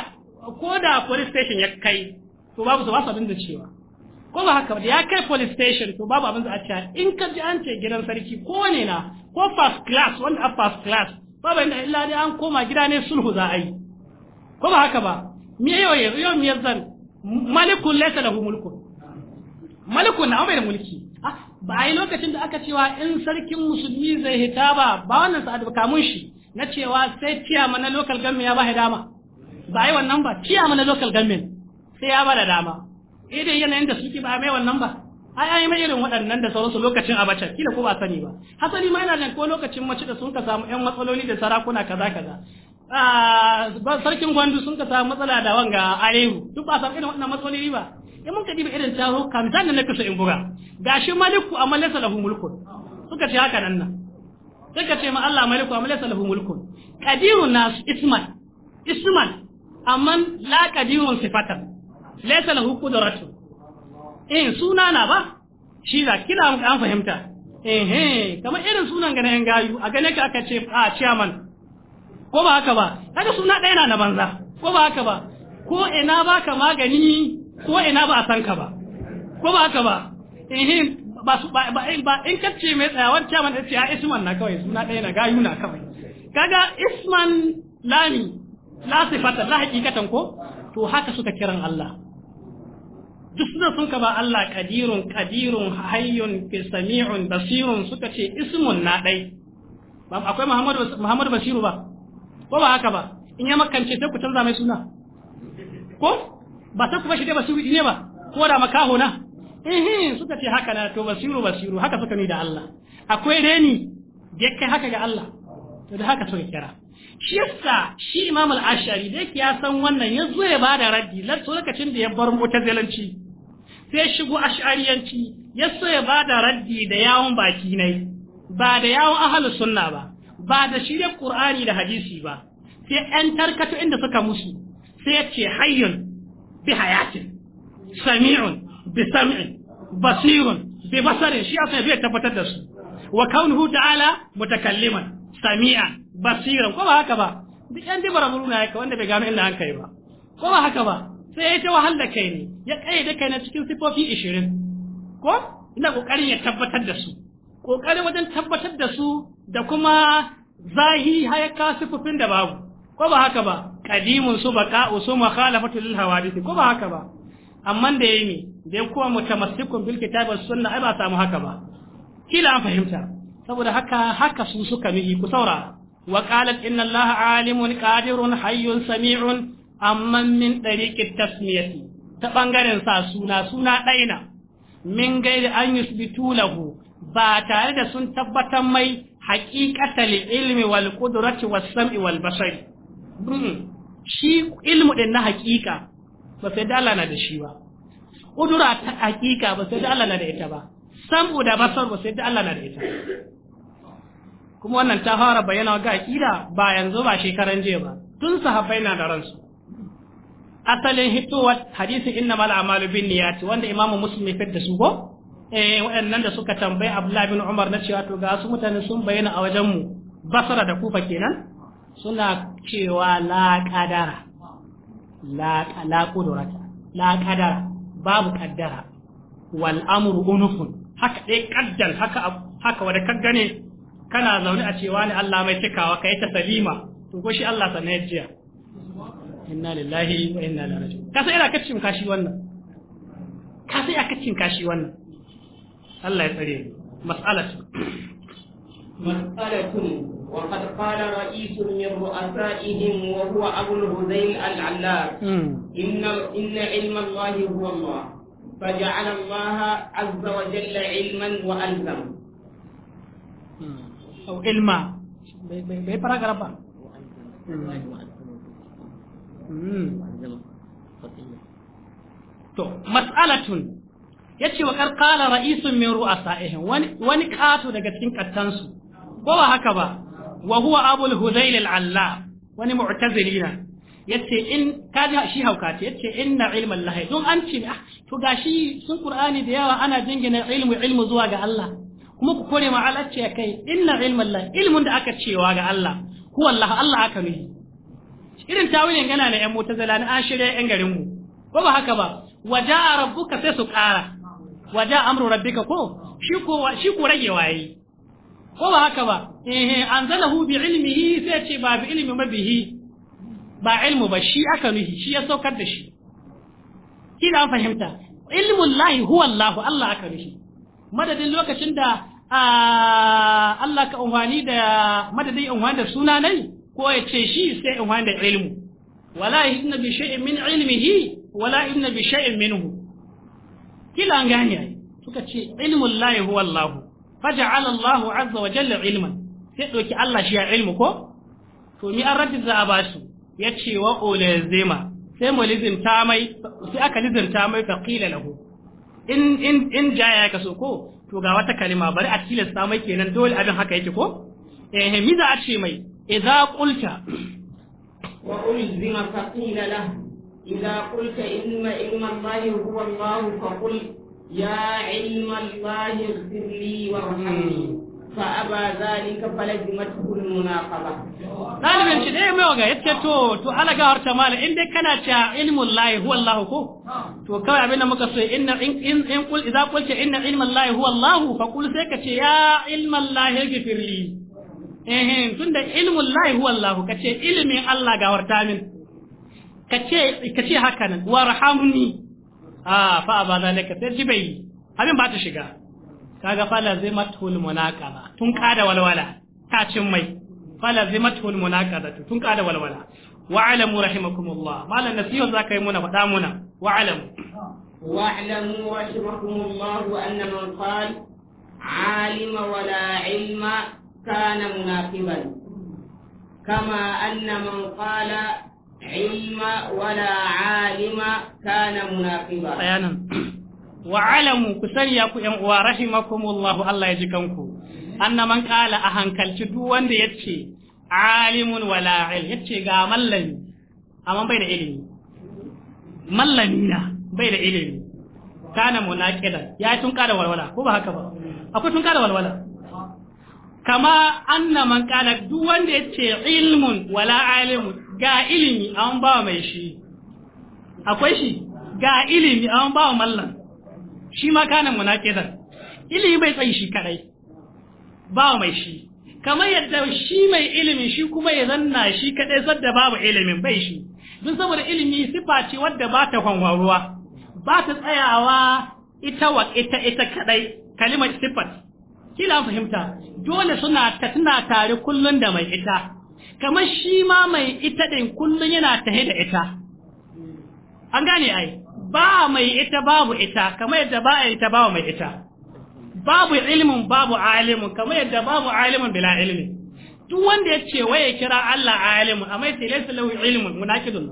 koda police station ya kai to babu su ba su abin da cewa ko ba haka ba da ya kai police station to babu abin za a ce in ka ji an ce gidan sarki ko wane na ko first class wanda a first class babu inda illa dai an koma gida ne sulhu za a yi ko ba haka ba me yau yanzu yau mi zan malikun laysa lahu mulkun malikun na bai da mulki ah, ba a yi lokacin da aka cewa in sarkin musulmi zai hita ba ba wannan sa'ad ba kamun shi na cewa sai ciyama na local government ya ba dama ba a yi wannan ba ciyama na local government sai ya ba da dama irin yanayin da suke ba mai wannan ba ai ai mai irin waɗannan da sauransu lokacin a abacha kila ko ba sani ba hasali ma yana nan ko lokacin mace da sun ka samu ƴan matsaloli da sarakuna kaza kaza ah, a sarkin gwandu sun ka samu matsala da wanga alehu duk ba san irin waɗannan matsaloli ba in mun kadi ba irin taro kan zan na kusa in buga gashi maliku amma laysa lahu mulkun suka ce haka nan nan suka ce ma Allah maliku amma laysa lahu mulkun kadirun nas isman isman amma la kadirun sifatan laysa lahu qudratu in eh, suna na ba shi za kina an fahimta eh, eh kamar irin sunan ga nan gayu a gane ka aka ce a ah, chairman ko ba haka ba kaga suna ɗaya na na banza ko ba haka ba ko ina ba ka magani ko ina ba a san ka ba ko ba haka ba eh, eh ba su ba ba in ce mai tsayawar chairman ɗin ya ah, isman na kawai suna ɗaya na gayu na kawai kaga isman lami la sifata la hakikatan ko to haka suka kiran Allah duk suna sun ka ba Allah kadirun kadirun hayyun sami'un basirun suka ce ismun na dai ba akwai Muhammadu Muhammadu Basiru ba ko ba haka ba in ya makance sai ku canza mai suna ko ba ta ku ba shi dai Basiru ne ba ko da makaho na eh suka ce haka na to Basiru Basiru haka suka ni da Allah akwai reni da kai haka ga Allah to da haka suka kira shi yasa shi imam al-ashari da yake ya san wannan ya zo ya bada raddi lokacin da ya bar mutazilanci sai shigo ash'ariyanci ya so ya bada raddi da yawon baki nai ba da yawon ahlus sunna ba ba da shirya ƙur'ani da hadisi ba sai an tarkata inda suka musu sai ya ce hayyun bi hayatin sami'un bi sam'in basirun bi basarin shi yasa bai tabbatar da su wa kaunuhu ta'ala mutakalliman sami'an basiran ko ba haka ba duk yan dibara muruna yake wanda bai gano inda an kai ba ko ba haka ba sai ya ta wahala kai ne ya kayyade kai na cikin sifofi ishirin ko ina kokarin ya tabbatar da su kokarin wajen tabbatar da su da kuma zahi hayaka sifofin da babu ko ba haka ba qadimun su baka usu makhalafatu lil hawadith ko ba haka ba amma da yayi da kuma mutamassikun bil kitabi was sunna ai ba samu haka ba kila an fahimta saboda haka haka su suka nuhi ku saura. wa qalat inna allaha alimun qadirun hayyun sami'un amma min ɗariƙin tasmiyati ta ɓangaren sa suna suna ɗaina min gaida an yi yusbitu lahu ba tare da sun tabbatar mai haƙiƙatar ilmi wal ƙudurati wa sam'i wal basari shi ilmu ɗin na haƙiƙa ba sai da na da shi ba ƙudura ta haƙiƙa ba sai da na da ita ba sam'u da basar ba sai da na da ita kuma wannan ta fara bayyana ga aƙida ba yanzu ba shekaran jiya ba tun sahabbai na da ransu asalin hitowar hadisi inna mal amalu bin niyati wanda imamu muslim ya da su ko eh waɗannan da suka tambayi abdullahi bin umar na cewa to ga su mutane sun bayyana a wajen mu basara da kufa kenan suna cewa la kadara la la kudurata la kadara babu kaddara wal amru unufun haka dai kaddal haka haka wanda ka gane kana zaune a cewa ne Allah mai cikawa kai ta salima to shi Allah sanan jiya inna lillahi wa inna ilaihi raji'un ka sai ina kacin kashi wannan ka sai aka cin kashi wannan Allah ya tsare mas'alatu mas'alatu وقد قال رئيس من رؤسائهم وهو أبو الهذيل العلاف إن إن علم الله هو الله فجعل الله عز وجل علما وألزم أو علما بيبقى رقبة Hmm. to mas'alatun ce wa kar qala ra'isun min ru'asaihim wani wani kato daga cikin kattansu ko ba haka ba wa huwa abul hudail al-allah wani mu'tazilina yace in kaji shi hauka ce in na ilman lahai don an ce ah to gashi sun qur'ani da yawa ana jingina ilmu ilmu zuwa ga Allah kuma ku kore ma Allah ce kai in na ilman lahai ilmun da aka cewa ga Allah huwa Allah Allah aka nuhi irin tawilin yana na ƴan mutazila na ashirya yan garin mu ko ba haka ba waja rabbuka sai su ƙara waja amru rabbika ko shi ko shi ko rage waye ko ba haka ba eh anzalahu bi ilmihi sai ce ba bi ilmi mabihi ba ilmu ba shi aka nuhi shi ya saukar da shi kina fahimta ilmun lahi huwa Allah Allah aka nuhi madadin lokacin da ah, Allah ka umfani da madadin umfani da sunanai ko ya ce shi sai in da ilmu wala inna bi shay'in min ilmihi wala inna bi shay'in minhu kila an gane ai suka ce ilmul lahi huwa Allah faja'ala Allah azza wa jalla ilman sai doki Allah shi ya ilmu ko to ni an rabbi za a basu yace wa ulazima sai mu lizimta mai sai aka lizimta mai faqila lahu in in in jaya ka so ko to ga wata kalima bari a tilasta mai kenan dole abin haka yake ko eh mi za a ce mai إذا قلت وألزم فقيل له إذا قلت إن علم الله هو الله فقل يا علم الله اغفر لي وارحمني فأبى ذلك فلزمته المناقضة ɗalibin shi ɗaya mai waga ya to to alaga harta mala in dai kana cewa ilmin lahi huwa Allah ko to kawai abinda muka so inna in in in kul idza qulta inna lahi huwa Allah fa qul sai ka ce ya ilman lahi gifirli eh tunda ilmul lahi huwa Allah ce ilmin Allah gawarta min ka ce haka nan warhamni ah fa ba ce sai jibai abin ba ta shiga kaga fala zai matul munaqaba tun kada walwala ta cin mai fala zai matul munaqaba tun kada walwala wa alamu rahimakumullah malan nasiha zaka yi muna faɗa muna wa alamu واعلموا رحمكم الله أن من قال عالم wala ilma. كان مناقبا كما أن من قال علم ولا عالم كان مناقبا بيانا وعلموا كسرياكم يا ورحمكم الله الله يجزيكم أن من قال أهنكلت كالتدو وند يتشي عالم ولا علم يتشي ga mallami أما بين علم ilimi mallami na bai da ilimi kana munaqidan ya tun kada walwala ko ba haka ba akwai tun kada walwala kama anna man kala duk wanda ya ce ilmun wala alimun ga ilimi an ba mai shi akwai shi ga ilimi an ba mallan shi ma kana munafiqan ilimi bai tsayi shi kadai ba mai shi Kama yadda shi mai ilimi shi kuma ya zanna shi kadai sadda babu ilimin bai shi duk saboda ilimi sifa ce wadda ba ta kwanwaruwa ba ta tsayawa ita wa ita ita kadai kalimar sifat kila fahimta dole suna ta tana tare kullun da mai ita kamar shi ma mai ita din kullun yana tahe da ita an gane ai ba mai ita babu ita kamar yadda ba ita babu mai ita babu ilimin babu alimin kamar yadda babu alimin bila ilimi duk wanda ya ce waye kira Allah alimin amma sai laysa lahu ilmun munakidun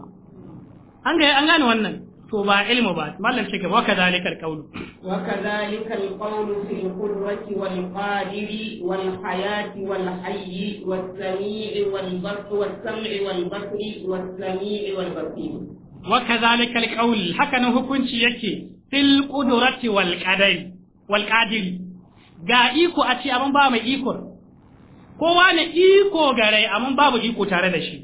an ga an gane wannan to ba ilmu ba mallam shi ke wa kadhalika alqawlu wa kadhalika alqawlu fi qurrati wal qadiri wal hayati wal hayyi was sami'i wal basri was sam'i wal basri was sami'i wal basiri wa kadhalika alqawl haka nan hukunci yake fil qudrati wal qadari wal qadiri ga iko a ce amma ba mai iko kowa ne iko gare amma babu iko tare da shi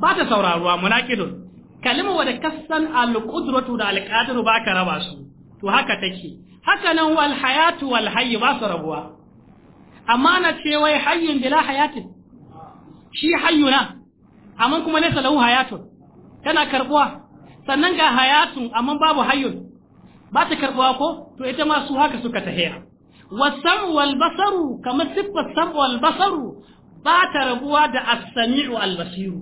ba ta sauraruwa munakidun kalma wadda kasan al-qudratu da al-qadiru ba ka raba su to haka take haka nan wal hayatu wal hayy ba su rabuwa amma na ce wai hayyun bila hayatin shi hayuna amma kuma laysa lahu hayatun tana karɓuwa sannan ga hayatun amma babu hayun ba ta karɓuwa ko to ita ma su haka suka tahiya wasan wal basaru kamar siffar sam wal basaru ba ta rabuwa da as-sami'u al-basiru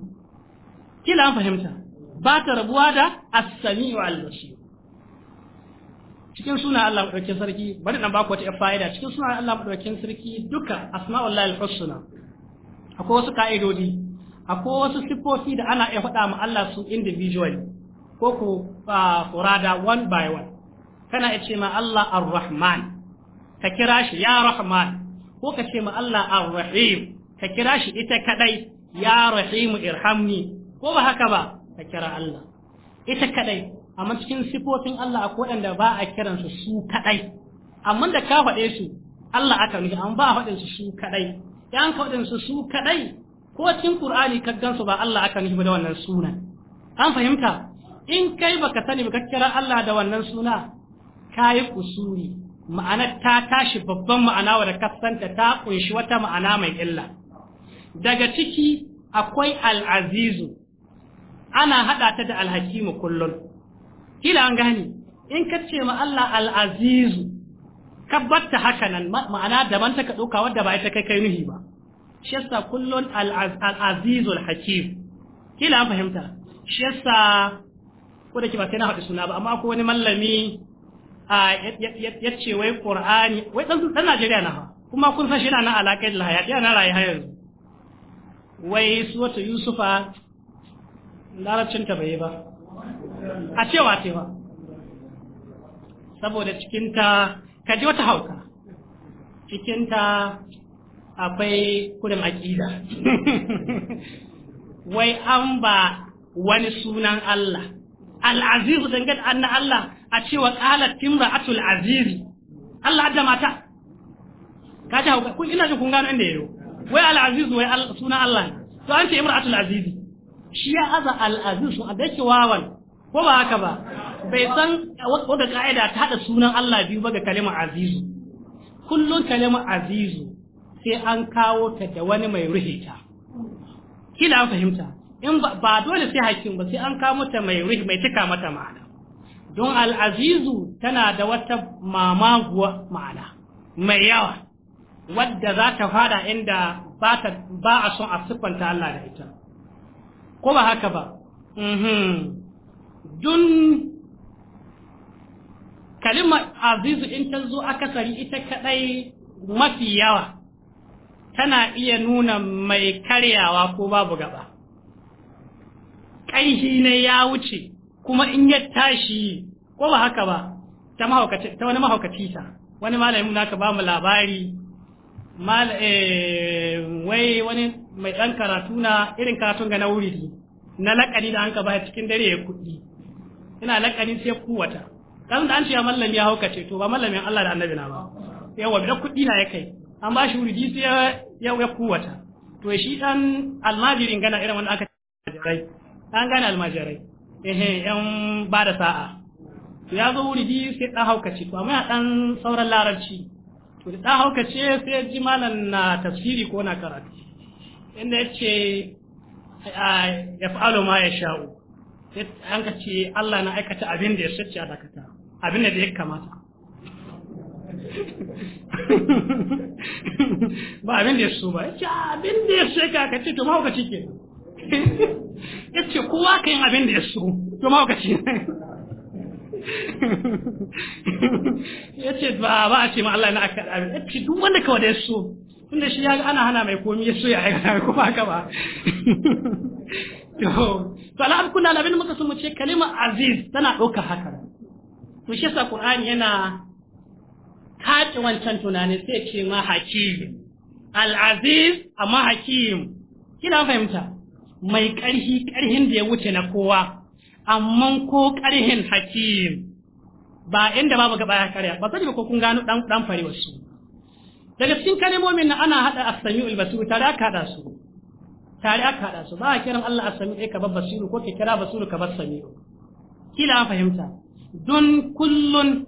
kila an fahimta ba ta rabuwa da as-sami'u al-basir cikin suna Allah madaukakin sarki bari na baku wata ƴar fa'ida cikin suna Allah madaukakin sarki duka asma'ullahi al-husna akwai wasu ka'idodi akwai wasu siffofi da ana iya faɗa ma Allah su individually ko ku furada one by one kana iya ce ma Allah ar-rahman ka kira shi ya rahman ko ka ce ma Allah ar-rahim ka kira shi ita kadai ya Rahimu irhamni ko ba haka ba Ka kira Allah ita kadai amma cikin sifofin Allah akwai waɗanda ba a kiran su kadai amma da ka faɗe su Allah aka nufi amma ba a faɗin su su kadai yan ka faɗin su su kadai ko cikin Qur'ani ka gansu ba Allah aka nufi da wannan sunan. an fahimta in kai baka sani baka kira Allah da wannan suna kayi kusuri ma'anar ta tashi babban ma'ana da kasanta ta kunshi wata ma'ana mai illa daga ciki akwai al'azizu ana haɗa ta da alhakimu kullum kila an gani in ka ce ma Allah al'azizu ka batta haka nan ma'ana daban ta ka ɗauka wadda ba ta kai kai nuhi ba shi yasa kullum al'azizu Hakim. kila an fahimta shi ko da ke ba sai na haɗu suna ba amma ko wani mallami ya ce wai ƙur'ani wai ɗan Najeriya na ha kuma kun san shi na da lahayat yana rayu har yanzu wai suwatu yusufa larabcinta bai yi ba a cewa ce ba saboda cikinta kaji wata hauka cikinta akwai kudin aƙida wai an ba wani sunan Allah al'azizu dangane an Allah a cewa ƙalar timra atul azizi Allah da mata ka hauka hauka ina jin kun gano inda yi. wai al'azizu wai sunan Allah to an ce imra atul azizi shi ya aza al’azin su da wawan ko ba haka ba bai san wata ka'ida ta haɗa sunan Allah biyu ba ga kalima azizu kullum kalima azizu sai an kawo ta da wani mai ruhita kila fahimta in ba dole sai hakim ba sai an kawo mata mai ruhi mai cika mata ma'ana don al'azizu tana da wata mamaguwa ma'ana mai yawa wadda za ta fada inda ba a son a siffanta Allah da ita ko ba haka ba mhm. dun kalimar azizu in ta zo akasari ita kaɗai mafi yawa tana iya nuna mai karyawa ko babu gaba ƙaishi ne ya wuce kuma in ya tashi ko ba haka ba ta wani mahaukaci ta wani malamin naka ba mu labari eh, wai wani mai ɗan karatu na irin karatun ga na wuri na lakani da an ka baya cikin dare ya kuɗi ina lakani sai kuwata kan da an ce Mallami ya hauka ce to ba mallamin Allah da annabi na ba yawa da kuɗi na ya kai an ba shi wuri sai ya ya kuwata to shi dan almajirin gana irin wanda aka almajirai an gane almajirai eh yan ba da sa'a to ya zo wuri sai ɗan haukace to amma ya ɗan sauran larabci to da ɗan haukace sai ji malam na tafsiri ko na karatu inda ya fa’alo ma sha’u an ka ce Allah na aikata abin da ya sace a dakata abin da ya kamata ba abin da ya so ba yace abin da ya so ya ka ce to ma ka cike ya ce kowa ka yin abin da ya so to ma ka ci yace ba ba a ce ma Allah na aikata abin yace duk wanda ka wada ya so tunda shi ya ana hana mai komi ya so ya aikata ko ba ka ba to to al'ad kunna labin muka sumu ce kalima aziz tana ɗauka haka to shi sa qur'ani yana kaci wancan tunanin sai ce ma hakim al-aziz amma hakim kina fahimta mai karhi karhin da ya wuce na kowa amma ko ƙarhin hakim ba inda babu gaba ya karya ba sani ba ko kun gano dan dan wasu daga cikin kalmomin nan ana hada as-sami'ul tare aka hada su tare aka hada su ba a kiran Allah as-sami sai ka babbar ko ke kira basiru ka bar sami'u kila an fahimta don kullun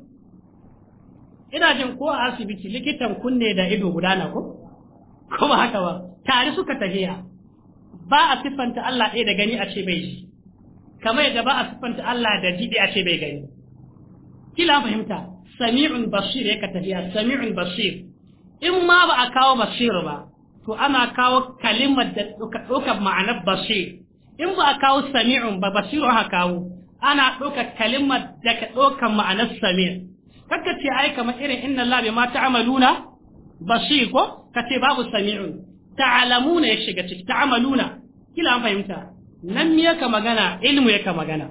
ina jin ko a asibiti likitan kunne da ido gudana ko ko ba haka ba tare suka tafiya ba a siffanta Allah ɗaya da gani a ce bai shi kamar yadda ba a siffanta Allah da jiɗi a ce bai gani kila fahimta sami'un basir ya ka tafiya sami'un basir in ma ba a kawo basir ba to ana kawo kalimar da ɗaukar ma'anar basir in ba a kawo sami'un ba basiru aka kawo ana ɗaukar kalimar da ka ɗaukar ma'anar sami' kakka ce ai kamar irin inna Allah bai ma ta'amaluna basir ko ka ce babu sami'un ta'alamuna ya shiga ciki ta'amaluna kila an fahimta nan me ka magana ilmu yaka magana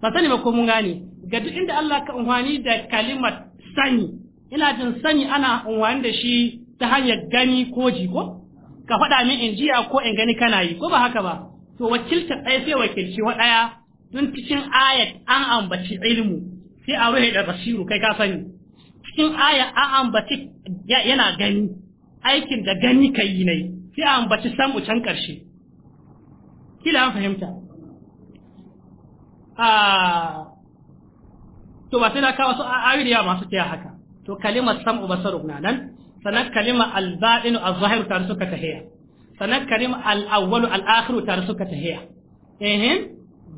ba sani ba ko mun gane ga duk inda Allah ka umhani da kalimar sani ina jin sani ana unwani da shi ta hanyar gani ko ji ko ka faɗa min in jiya ko in gani kana yi ko ba haka ba to wakilta ɗaya sai wakilci wa ɗaya don cikin ayat an ambaci ilmu sai a ruhe da basiru kai ka sani cikin ayat an ambaci yana gani aikin da gani ka yi ne sai a ambaci samu can ƙarshe kila an fahimta a to ba sai na kawo su a da masu taya haka to kalimar sam'u basaru na nan sannan kalimar al-ba'inu az-zahiru tare suka tahiya sannan kalimar al-awwalu al-akhiru tare suka tahiya eh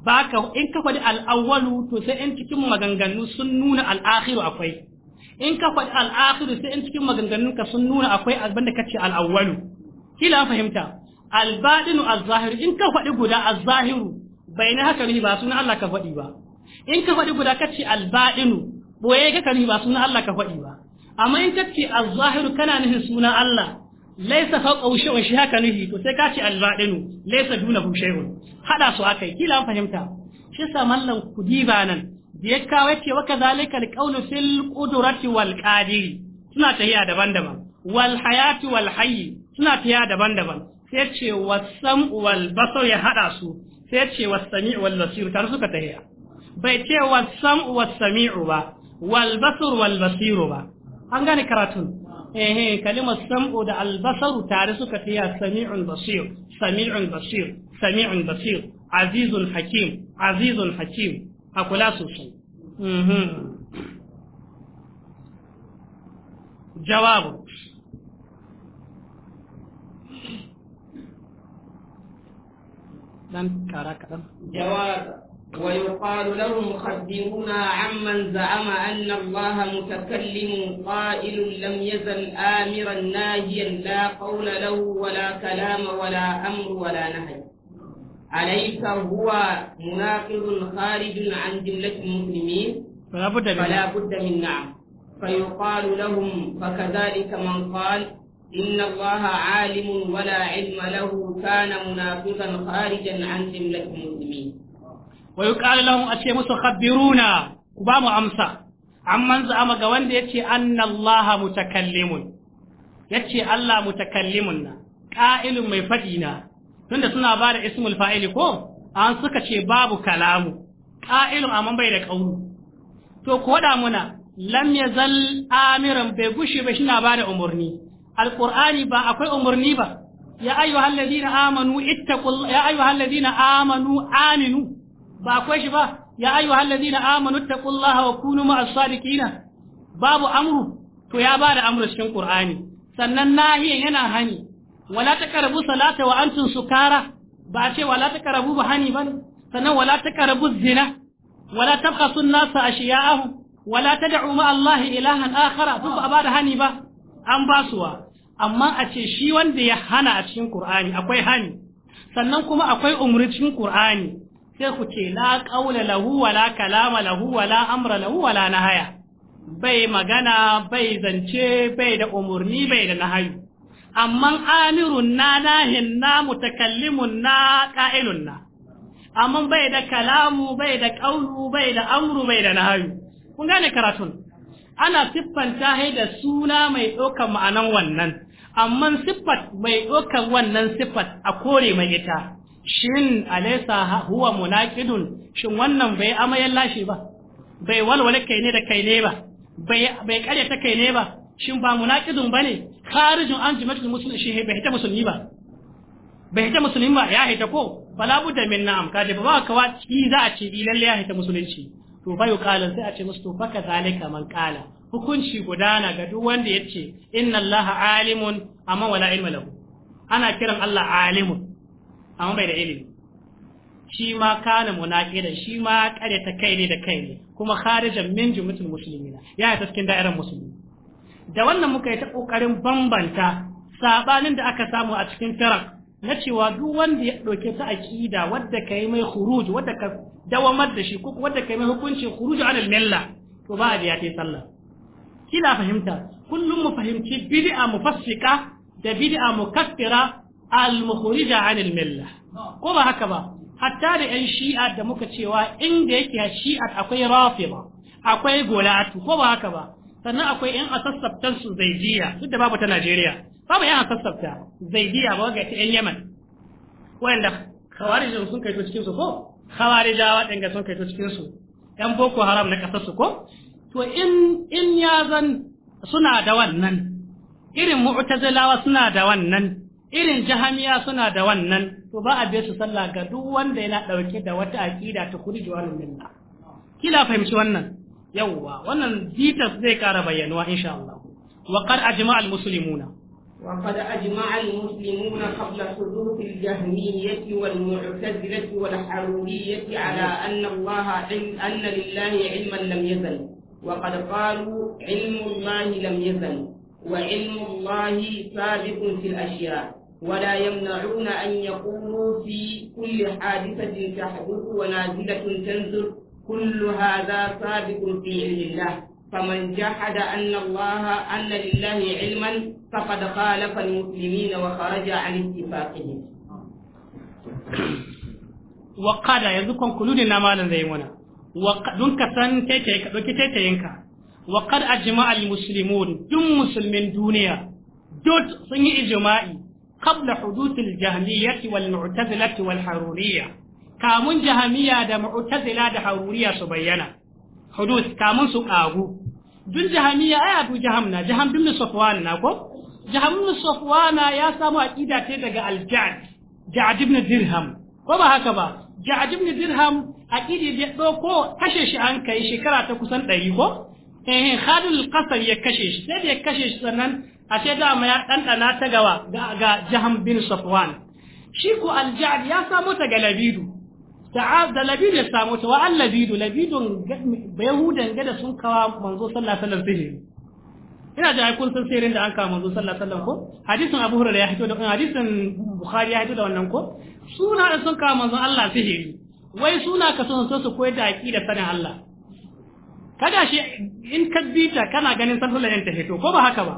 baka in ka faɗi al-awwalu to sai in cikin maganganu sun nuna al-akhiru akwai in ka faɗi al-akhiru sai in cikin maganganun ka sun nuna akwai abinda kace al-awwalu kila fahimta al-ba'inu al zahiru in ka faɗi guda al zahiru bai na haka ne ba sunan Allah ka faɗi ba in ka faɗi guda ka kace al-ba'inu boye ka ni ba sunan Allah ka faɗi ba amma in kace az-zahiru kana nufin sunan Allah laysa fawqa shay'un shi haka nufi to sai ka ce al-badinu laysa dunahu shay'un hada su akai kila an fahimta shi sa mallan kudiba nan da ya kawo yace wa kadhalika al-qawlu fil qudrati wal qadiri suna tahiya daban-daban wal hayatu wal hayy suna tahiya daban-daban sai ce wasam wal basar ya hada su sai ce wasami wal basir tare suka tahiya bai ce wasam was sami'u ba walbasar walbasiru ba an gane karatun ehe kalimar sam'u da albasar tare suka fiya sami'un basir sami'un basir sami'un basir azizun hakim azizun hakim a mhm. jawabu dan kara ويقال لهم خبرونا عمن زعم أن الله متكلم قائل لم يزل آمرا ناهيا لا قول له ولا كلام ولا أمر ولا نهي أليس هو مناقض خارج عن جملة المسلمين فلا بد من, فلا بد من نعم فيقال لهم فكذلك من قال إن الله عالم ولا علم له كان منافقا خارجا عن جملة المسلمين Wai yuqalu lahum ace musu khabiruna ku ba mu amsa amman za'ama ga wanda yace annallaha mutakallimun yace Allah mutakallimun na qa'ilun mai fadi na tunda suna ba da ismul fa'ili ko an suka ce babu kalamu qa'ilun amma bai da kaulu to ko da muna lam bai gushi ba shina ba da umurni alqur'ani ba akwai umurni ba ya ayyuhal amanu aminu ba akwai shi ba ya ayu halladina amanu taqullaha wa kunu ma'as sadiqina babu amru to ya bada amru cikin qur'ani sannan nahiyan yana hani wala taqrabu salata wa antum sukara ba ce wala taqrabu ba hani bane sannan wala taqrabu zina wala tabkhasu an-nasa ashiya'ahum wala tad'u ma Allah ilahan akhara duk ba bada hani ba an basuwa amma a ce shi wanda ya hana a cikin qur'ani akwai hani sannan kuma akwai umri cikin qur'ani sai ku ce la ƙaula lahu wala kalama lahu wala amra lahu wala nahaya bai magana bai zance bai da umurni bai da nahayu amma amirun na nahin na mutakallimun na ƙa'ilun na amma bai da kalamu bai da ƙaunu bai da amru bai da nahayu kun gane karatun ana siffanta hai da suna mai ɗaukar ma'anan wannan amma siffat mai ɗaukar wannan siffat a kore mai ita shin alaysa huwa munaqidun shin wannan bai amayan lashi ba bai walwale kai ne da kai ne ba bai kare ta kai ne ba shin ba munaqidun bane kharijun an jumlatul muslimin shi bai hita musulmi ba bai hita musulmi ba ya hita ko fala budda min na'am kaje ba kawa ci za a ce lalle ya hita musulunci to fa yuqala sai a ce musu to baka zalika man qala hukunci gudana ga duk wanda yace inna allaha alimun amma wala ilma lahu ana kiran allah alimun amma bai da ilimi shi ma kana munafiqan shi ma kare ta kai ne da kai ne kuma kharijan min jumutul muslimina ya ta cikin da'irar musulmi da wannan muka yi ta kokarin bambanta sabanin da aka samu a cikin tarak na cewa duk wanda ya dauke ta aqida wadda kai mai khuruj wadda ka dawamar da shi ko wadda kai mai hukuncin khuruj ala milla to ba a biya ta sallah kila fahimta kullum mu fahimci bid'a mufassika da bid'a mukaffira al-mukhrija 'anil milla ko ba haka ba hatta da yan shi'a da muka cewa inda yake shi'a akwai rafida akwai golatu ko ba haka ba sannan akwai yan asassabtan su zaidiya duk da babu ta Najeriya babu yan asassabta zaidiya ba ga yan Yemen wanda khawarijin sun kai to cikin su ko khawarijawa dinga sun kai to cikin su yan boko haram na kasar su ko to in in ya zan suna da wannan irin mu'tazilawa suna da wannan irin jahamiya suna da wannan to ba a bai su sallah ga duk wanda yana ɗauke da wata aqida ta kurji wa minna kila fahimci wannan yawwa wannan jitas zai kara bayyanuwa insha Allah wa qad ajma al muslimuna wa qad ajma al muslimuna qabla huduth al jahmiyyah wal mu'tazilah wal haruriyyah ala anna Allah anna lillahi ilman lam yazal wa qad qalu ilmu Allah lam yazal وعلم الله سابق في الأشياء ولا يمنعون أن يقولوا في كل حادثة تحدث ونازلة تنزل كل هذا سابق في علم الله فمن جحد أن الله أن لله علما فقد خالف المسلمين وخرج عن اتفاقهم وقد yanzu konkuludin na malam zai muna don ka san ka ɗauki taitayinka wa kad ajma al muslimun duk musulmin duniya duk sun yi ijma'i قبل حدوث الجهمية والمعتزلة والحرورية كامون جهمية دا معتزلة دا حرورية سبينا حدوث كامون سقاغو دون جهمية أي أبو جهمنا جهم بن صفوان ناكو جهم بن صفوان يا سامو أكيدا تدقى الجعد جعد بن درهم وما هكذا جعد بن درهم أكيد يدوكو كشش عنك شكرا تكسن دايكو eh khadul qasar ya kashe shi sai da ya kashe shi sannan ashe dama ya ɗanɗana ta gawa ga jiham bin safwan shi ko aljad ya samo ta ga labidu da labidu ya samo ta wa an labidu labidun yahudan gada sun kawa manzo sallallahu alaihi wasallam ina da kun san sirrin da an kawo manzo sallallahu alaihi wasallam ko hadisin abu hurairah ya hito da hadisin bukhari ya hito da wannan ko suna da sun kawo manzo Allah sihiri wai suna ka son so su koyar da aqida sanin Allah kada shi in ka bita kana ganin san hullan ta hito ko ba haka ba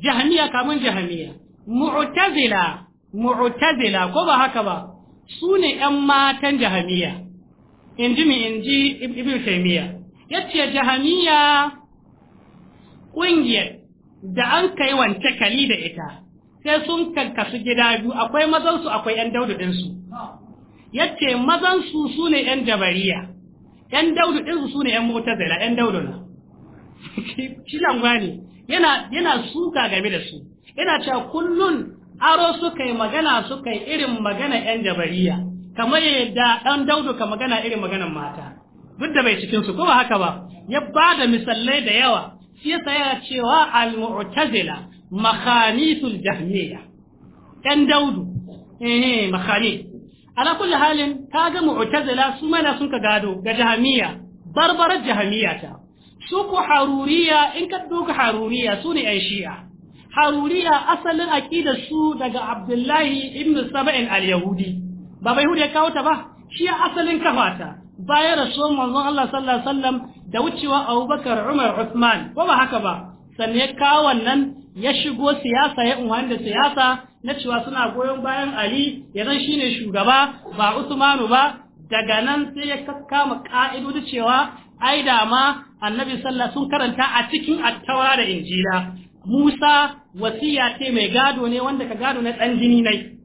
jahmiya kamun jahmiya mu'tazila mu'tazila ko ba haka ba Sune ƴan matan jahmiya inji mi inji ibn taymiya yace jahmiya ƙungiyar da an kai wance kali da ita sai sun kankasu gida biyu akwai mazan su, akwai ƴan Daudu daududinsu yace mazan su sune ƴan jabariya ƴan daududinsu su sune ƴan mutazila ƴan Daudu na. shi nan ne yana suka game da su yana cewa kullun aro suka yi magana suka yi irin magana yan jabariya kamar yadda ɗan daudu ka magana irin maganan mata duk da bai cikin su ko haka ba ya ba da misalai da yawa shi yasa ya cewa al-mu'tazila makhanisul jahmiya yan daudu eh makhani ala kulli halin kaga mu'tazila su mana sun ka gado ga jahmiya barbarar jahmiya ta su ku haruriya in ka doka haruriya su ne ‘yan shi'a haruriya asalin aƙida su daga abdullahi ibn saba'in al-yahudi ba bai hudu ya kawo ta ba shi asalin kafata bayan rasu manzon Allah sallallahu da wucewa Abubakar Umar Uthman ko ba haka ba sannan ya kawo wannan ya shigo siyasa ya da siyasa na cewa suna goyon bayan Ali ya shine shugaba ba Usmanu ba daga nan sai ya kama ka'idoji cewa ai da ma annabi sallah sun karanta a cikin attaura da injila musa wasiya ce mai gado ne wanda ka gado na ɗan jini ne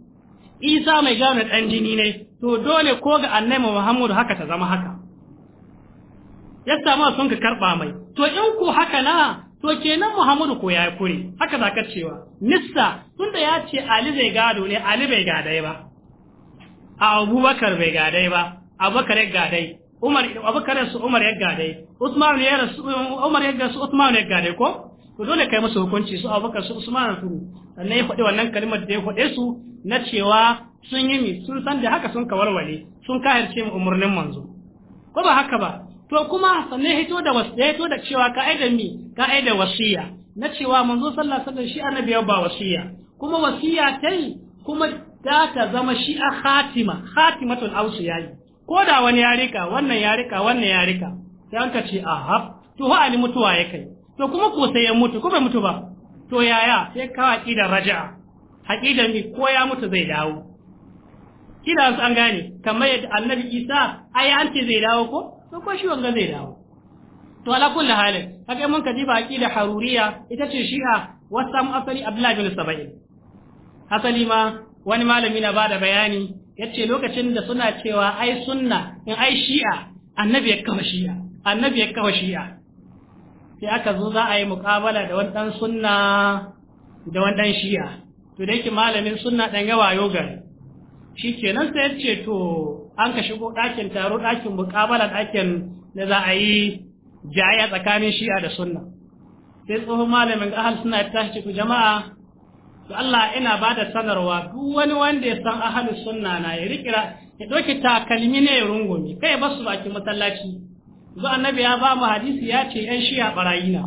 isa mai gado na ɗan jini ne to dole ko ga annabi muhammadu haka ta zama haka ya samu sun ka karɓa mai to in ku haka na to kenan muhammadu ko ya kure haka za ka cewa nissa tunda ya ce ali zai gado ne ali bai gadai ba a abubakar bai gadai ba abubakar ya gadai Umar Abubakar su Umar ya gade Usman ya rasu Umar ya su Usman ya gade ko to dole kai musu hukunci su Abubakar su Usman su sannan ya faɗi wannan kalmar da ya faɗe su na cewa sun yi mi sun san da haka sun warware sun kahirce mu umurnin manzo ko ba haka ba to kuma sannan hito da wasu ya hito da cewa ka aida mi aida wasiya na cewa manzo sallallahu alaihi wasallam shi annabi ba wasiya kuma wasiya tai kuma da ta zama shi a khatima khatimatul ausu ko da wani ya rika wannan ya rika wannan ya rika sai an ka ce aha to ha ali mutuwa ya kai to kuma ko sai ya mutu ko bai mutu ba to yaya sai ka aqidar raja'a aqidar mi ko ya mutu zai dawo kina an gane kamar yadda annabi Isa ai an ce zai dawo ko to ko shi wanga zai dawo to ala kulli halin kaga mun kaji ba aqida haruriya ita ce shi'a wasu asali abdullahi bin saba'in asali ma wani malami na bada bayani yace lokacin da suna cewa ai sunna in ai shi'a annabi ya kafa shi'a annabi ya kafa shi'a sai aka zo za a yi muƙabala da wani dan sunna da wani shi'a to da yake malamin sunna dan yawa yogar shikenan sai yace to an ka shigo ɗakin taro ɗakin muƙabala ɗakin da za a yi jaya tsakanin shi'a da sunna sai tsohon malamin ahal suna tashi ku jama'a to Allah ina ba da sanarwa duk wani wanda ya san ahalus sunna na ya rikira ya ɗauki takalmi ne ya rungume kai ba su baki masallaci zo annabi ya ba mu hadisi ya ce yan shiya barayi na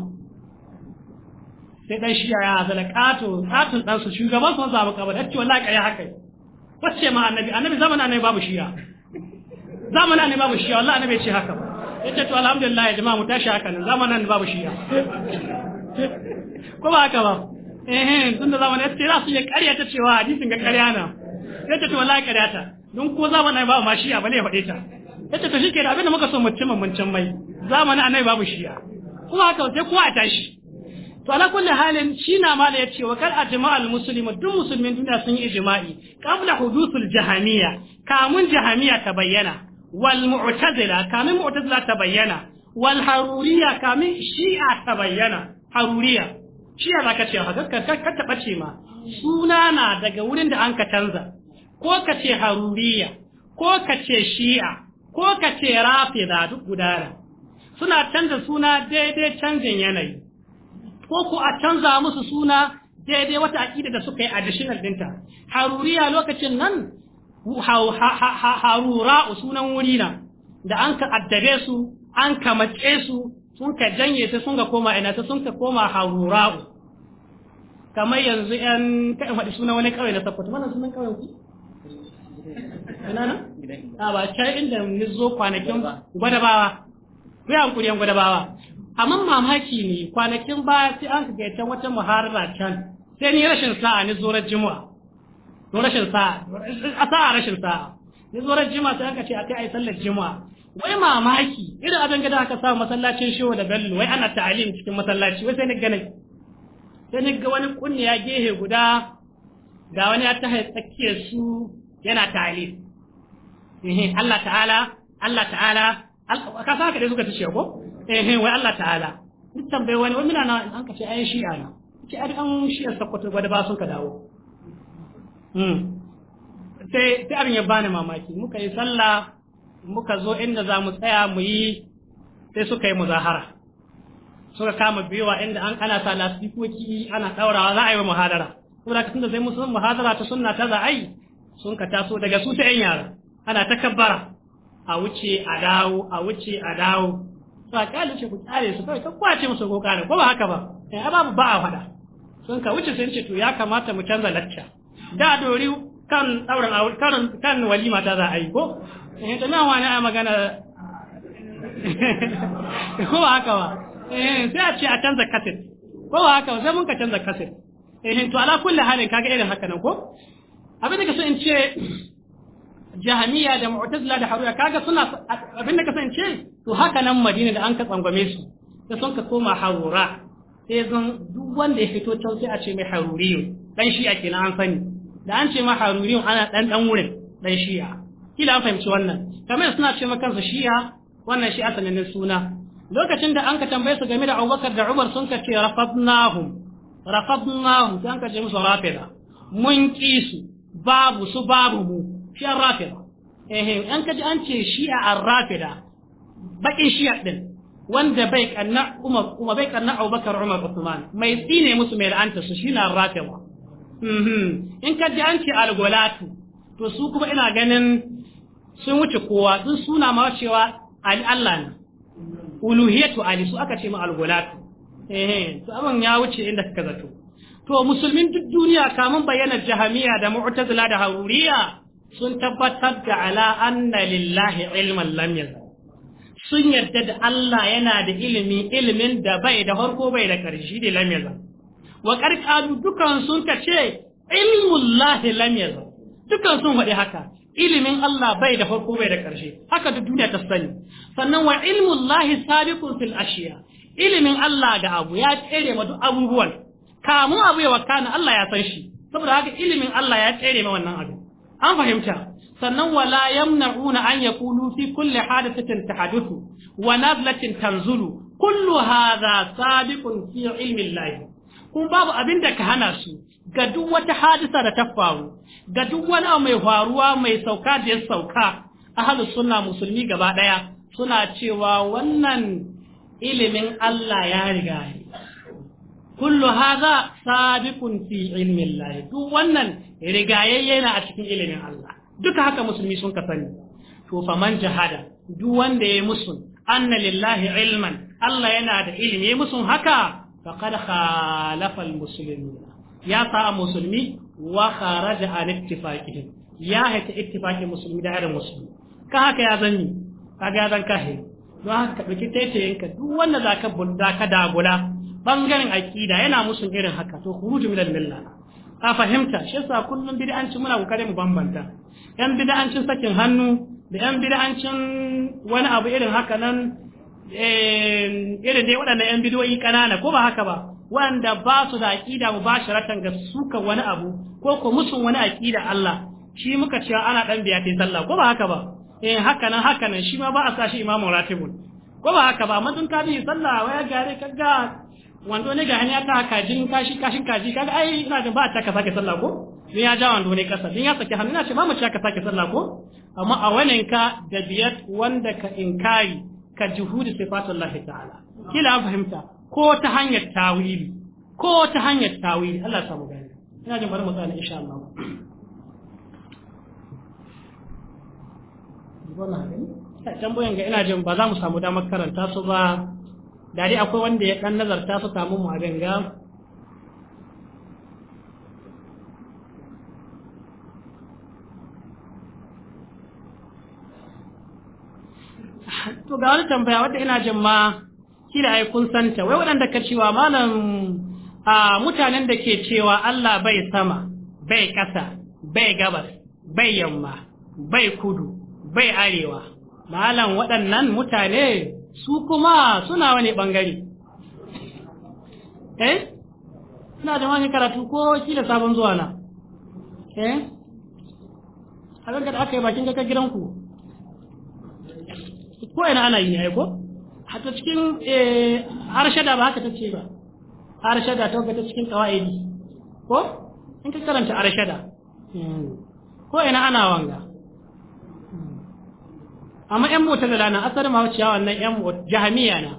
sai dan shiya ya azala kato katun dan su shugaban sun ƙabar kabar yace wallahi kai haka wacce ma annabi annabi zaman annabi babu shiya zaman annabi babu shiya wallahi annabi ce haka yace to alhamdulillah jama'a mu tashi haka nan zaman annabi babu shiya ko ba haka ba eh tun da zamanin sai za su iya karya ta cewa hadisin ga ƙarya na sai ta ce wallahi ƙarya ta don ko zamanin babu ma shi'a bane ya faɗe ta yace to ke da abinda muka so mutum mun can mai zamanin annabi babu shi'a kuma haka sai kowa a tashi to ala kulli halin shi na mala yace wa kal ajma'al muslimu duk musulmin duniya sun yi ijma'i qabla hudusul jahamiyya kamun jahamiyya ta bayyana wal mu'tazila kamin mu'tazila ta bayyana wal haruriya kamin shi'a ta bayyana haruriya shi ya zaka ce haka ka taɓa ce ma suna na daga wurin da an ka canza ko ka ce haruriya ko ka ce shi'a ko ka ce rafida duk gudana suna canza suna daidai canjin yanayi ko ku a canza musu suna daidai wata aƙida da suka yi a dashinal dinta haruriya lokacin nan harura sunan wuri na da an ka addabe su an ka su sun ka janye ta sun ka koma ina ta sun ka koma harura'u kamar yanzu yan ka faɗi suna wani kawai na sakkwato mana sunan kawai ku ina na a ah, ba can inda ni zo kwanakin gwadabawa ku yi hankuri yan gwadabawa amma mamaki ne kwanakin ba sai an ka can wata muharara can sai ni rashin sa'a ni zo juma'a don rashin sa'a a sa'a rashin sa'a ni zo juma'a sai aka ce a kai ai sallar juma'a wai mamaki irin abin gada aka samu masallacin shehu da bello wai ana ta'alim cikin masallaci wai sai ni gane sai ni ga wani kunniya gehe guda ga wani ya ta tahe tsakiyar su yana ta'alim eh Allah ta'ala Allah ta'ala ka sa ka dai suka tace ko eh wai Allah ta'ala duk tambaye wani wani na an ka ce ai shi'a na ce ai an shi'a sakwato gwada ba sun ka dawo hmm. sai abin ya bani mamaki muka yi sallah muka zo inda za mu tsaya mu yi sai suka yi muzahara suka kama biyowa inda an ana sa lasifikoki ana ɗaurawa za a yi wa muhadara saboda ka tunda sai musulun muhadara ta sunna ta za a yi sun ka taso daga su ta yan yara ana ta kabbara a wuce a dawo a wuce a dawo to a kyale ce ku kyale su kawai ka kwace musu ko kare ko ba haka ba eh babu ba a faɗa sun ka wuce sun ce to ya kamata mu canza lacca da dori kan ɗaurin kan walima ta za a yi ko eh to nan a magana ko ba haka ba eh, sai a ce a canza kaset ko ba haka ba sai mun ka canza kaset eh, to ala kulle halin kaga irin haka nan ko abin da kaso so in ce jahamiya da mu'tazila da haruya kaga suna abin da kaso so in ce to haka nan madina da an ka tsangwame su da sun ka koma harura sai zan duk wanda ya fito can sai a ce mai haruriyu dan shi'a kenan an sani da an ce ma haruriyu ana dan dan wurin dan shi'a kila an fahimci wannan kamar suna ce maka kansu shi'a wannan shi sanannen suna lokacin da an ka tambaye su game da Abubakar da Umar sun ka ce rafadnahum rafadnahum sai an ka ce musu rafida mun ƙi su babu su babu mu shi an rafida eh an ka ji an ce shi'a an rafida bakin shi'a din wanda bai kanna Umar kuma bai kanna Abubakar Umar Usman, mai tsine musu mai la'anta su shi na rafewa mhm. in ka ji an ce algolatu to su kuma ina ganin sun wuce kowa sun suna ma cewa ali Allah ne uluhiyatu ali su aka ce ma algulatu eh to abin ya wuce inda kaka zato to musulmin duk duniya kamun bayyana jahamiya da mu'tazila da hauriya sun tabbatar da ala anna lillahi ilman lam sun yarda da Allah yana da ilimi ilimin da bai da harko bai da ƙarshe da lam yazal wa karkadu dukan sun ka ce ilmullahi lam yazal dukkan sun faɗi haka ilimin Allah bai da farko bai da ƙarshe haka duk duniya ta sani sannan wa ilmun lahi sabiqun fil ashiya ilimin Allah ga abu ya tsere ma duk abubuwan kamun abu ya wakana Allah ya san shi saboda haka ilimin Allah ya tsere ma wannan abu an fahimta sannan wala yamna'una an yaqulu fi kulli hadathatin tahaddathu wa nazlatin tanzulu kullu hadha sabiqun fi ilmi Allah kun babu abin da ka hana su ga duk wata hadisa da ta faru ga duk wani abu mai faruwa mai sauka da ya sauka ahlus sunna musulmi gaba ɗaya suna cewa wannan ilimin Allah ya riga kullu haza sabiqun fi ilmi Allah duk wannan rigayayye na a cikin ilimin Allah duka haka musulmi sun ka sani to faman jahada duk wanda ya musu anna lillahi ilman Allah yana da ilimi musun haka faqad khalafa musulmi. ya sa musulmi wa kharaja an ittifaqihim ya haita ittifaqin musulmi da adam musulmi ka haka ya zanni kaga ya zan kahe don haka dauki taitayen ka duk wanda zaka bulda ka dagula bangaren aqida yana musun irin haka to khuruju minal milla a fahimta shi yasa kullum bid'anci muna kokarin mu bambanta yan bid'ancin sakin hannu da yan bid'ancin wani abu irin haka nan eh, irin dai waɗannan yan bidiyoyi ƙanana ko ba haka ba wanda ba su da shi ratan ga suka wani abu ko ko musun wani aƙida Allah shi muka cewa ana dan biya ta sallah ko ba haka ba eh haka nan haka nan shi ma ba a sa shi imamu ratibul ko ba haka ba mun ka bi sallah waya gare kaga wando ne ga hanya ta kajin kashi kashin kaji kaga ai ina da ba ta ka sake sallah ko ni ya ja wando ne kasa ni ya sake hannu na ce mu ka sake sallah ko amma a wannan ka da biyat wanda ka inkari ka juhudi sifatullahi ta'ala kila fahimta ko ta hanyar tawili ko ta hanyar tawili Allah ya samu gani ina jin bari mu tsaya insha Allah tambayan ga ina jin ba za mu samu damar karanta su ba da akwai wanda ya dan nazarta su samu mu a ganga to ga wani tambaya wadda ina jin ma kila ai kun santa wai waɗanda ka cewa malam a mutanen da ke cewa Allah bai sama bai ƙasa bai gabas bai yamma bai kudu bai arewa malam waɗannan mutane su kuma suna wani ɓangare eh suna da wani karatu ko kila sabon zuwa na eh a da aka yi bakin gidan gidanku ko ina ana yi ne ko hata cikin harshada eh, ba haka tace ba harshada ta ta cikin qawaidi ko in ka karanta harshada ko ina ana wanga amma yan mu'tazila na asar ma wuciya wannan yan jahamiya na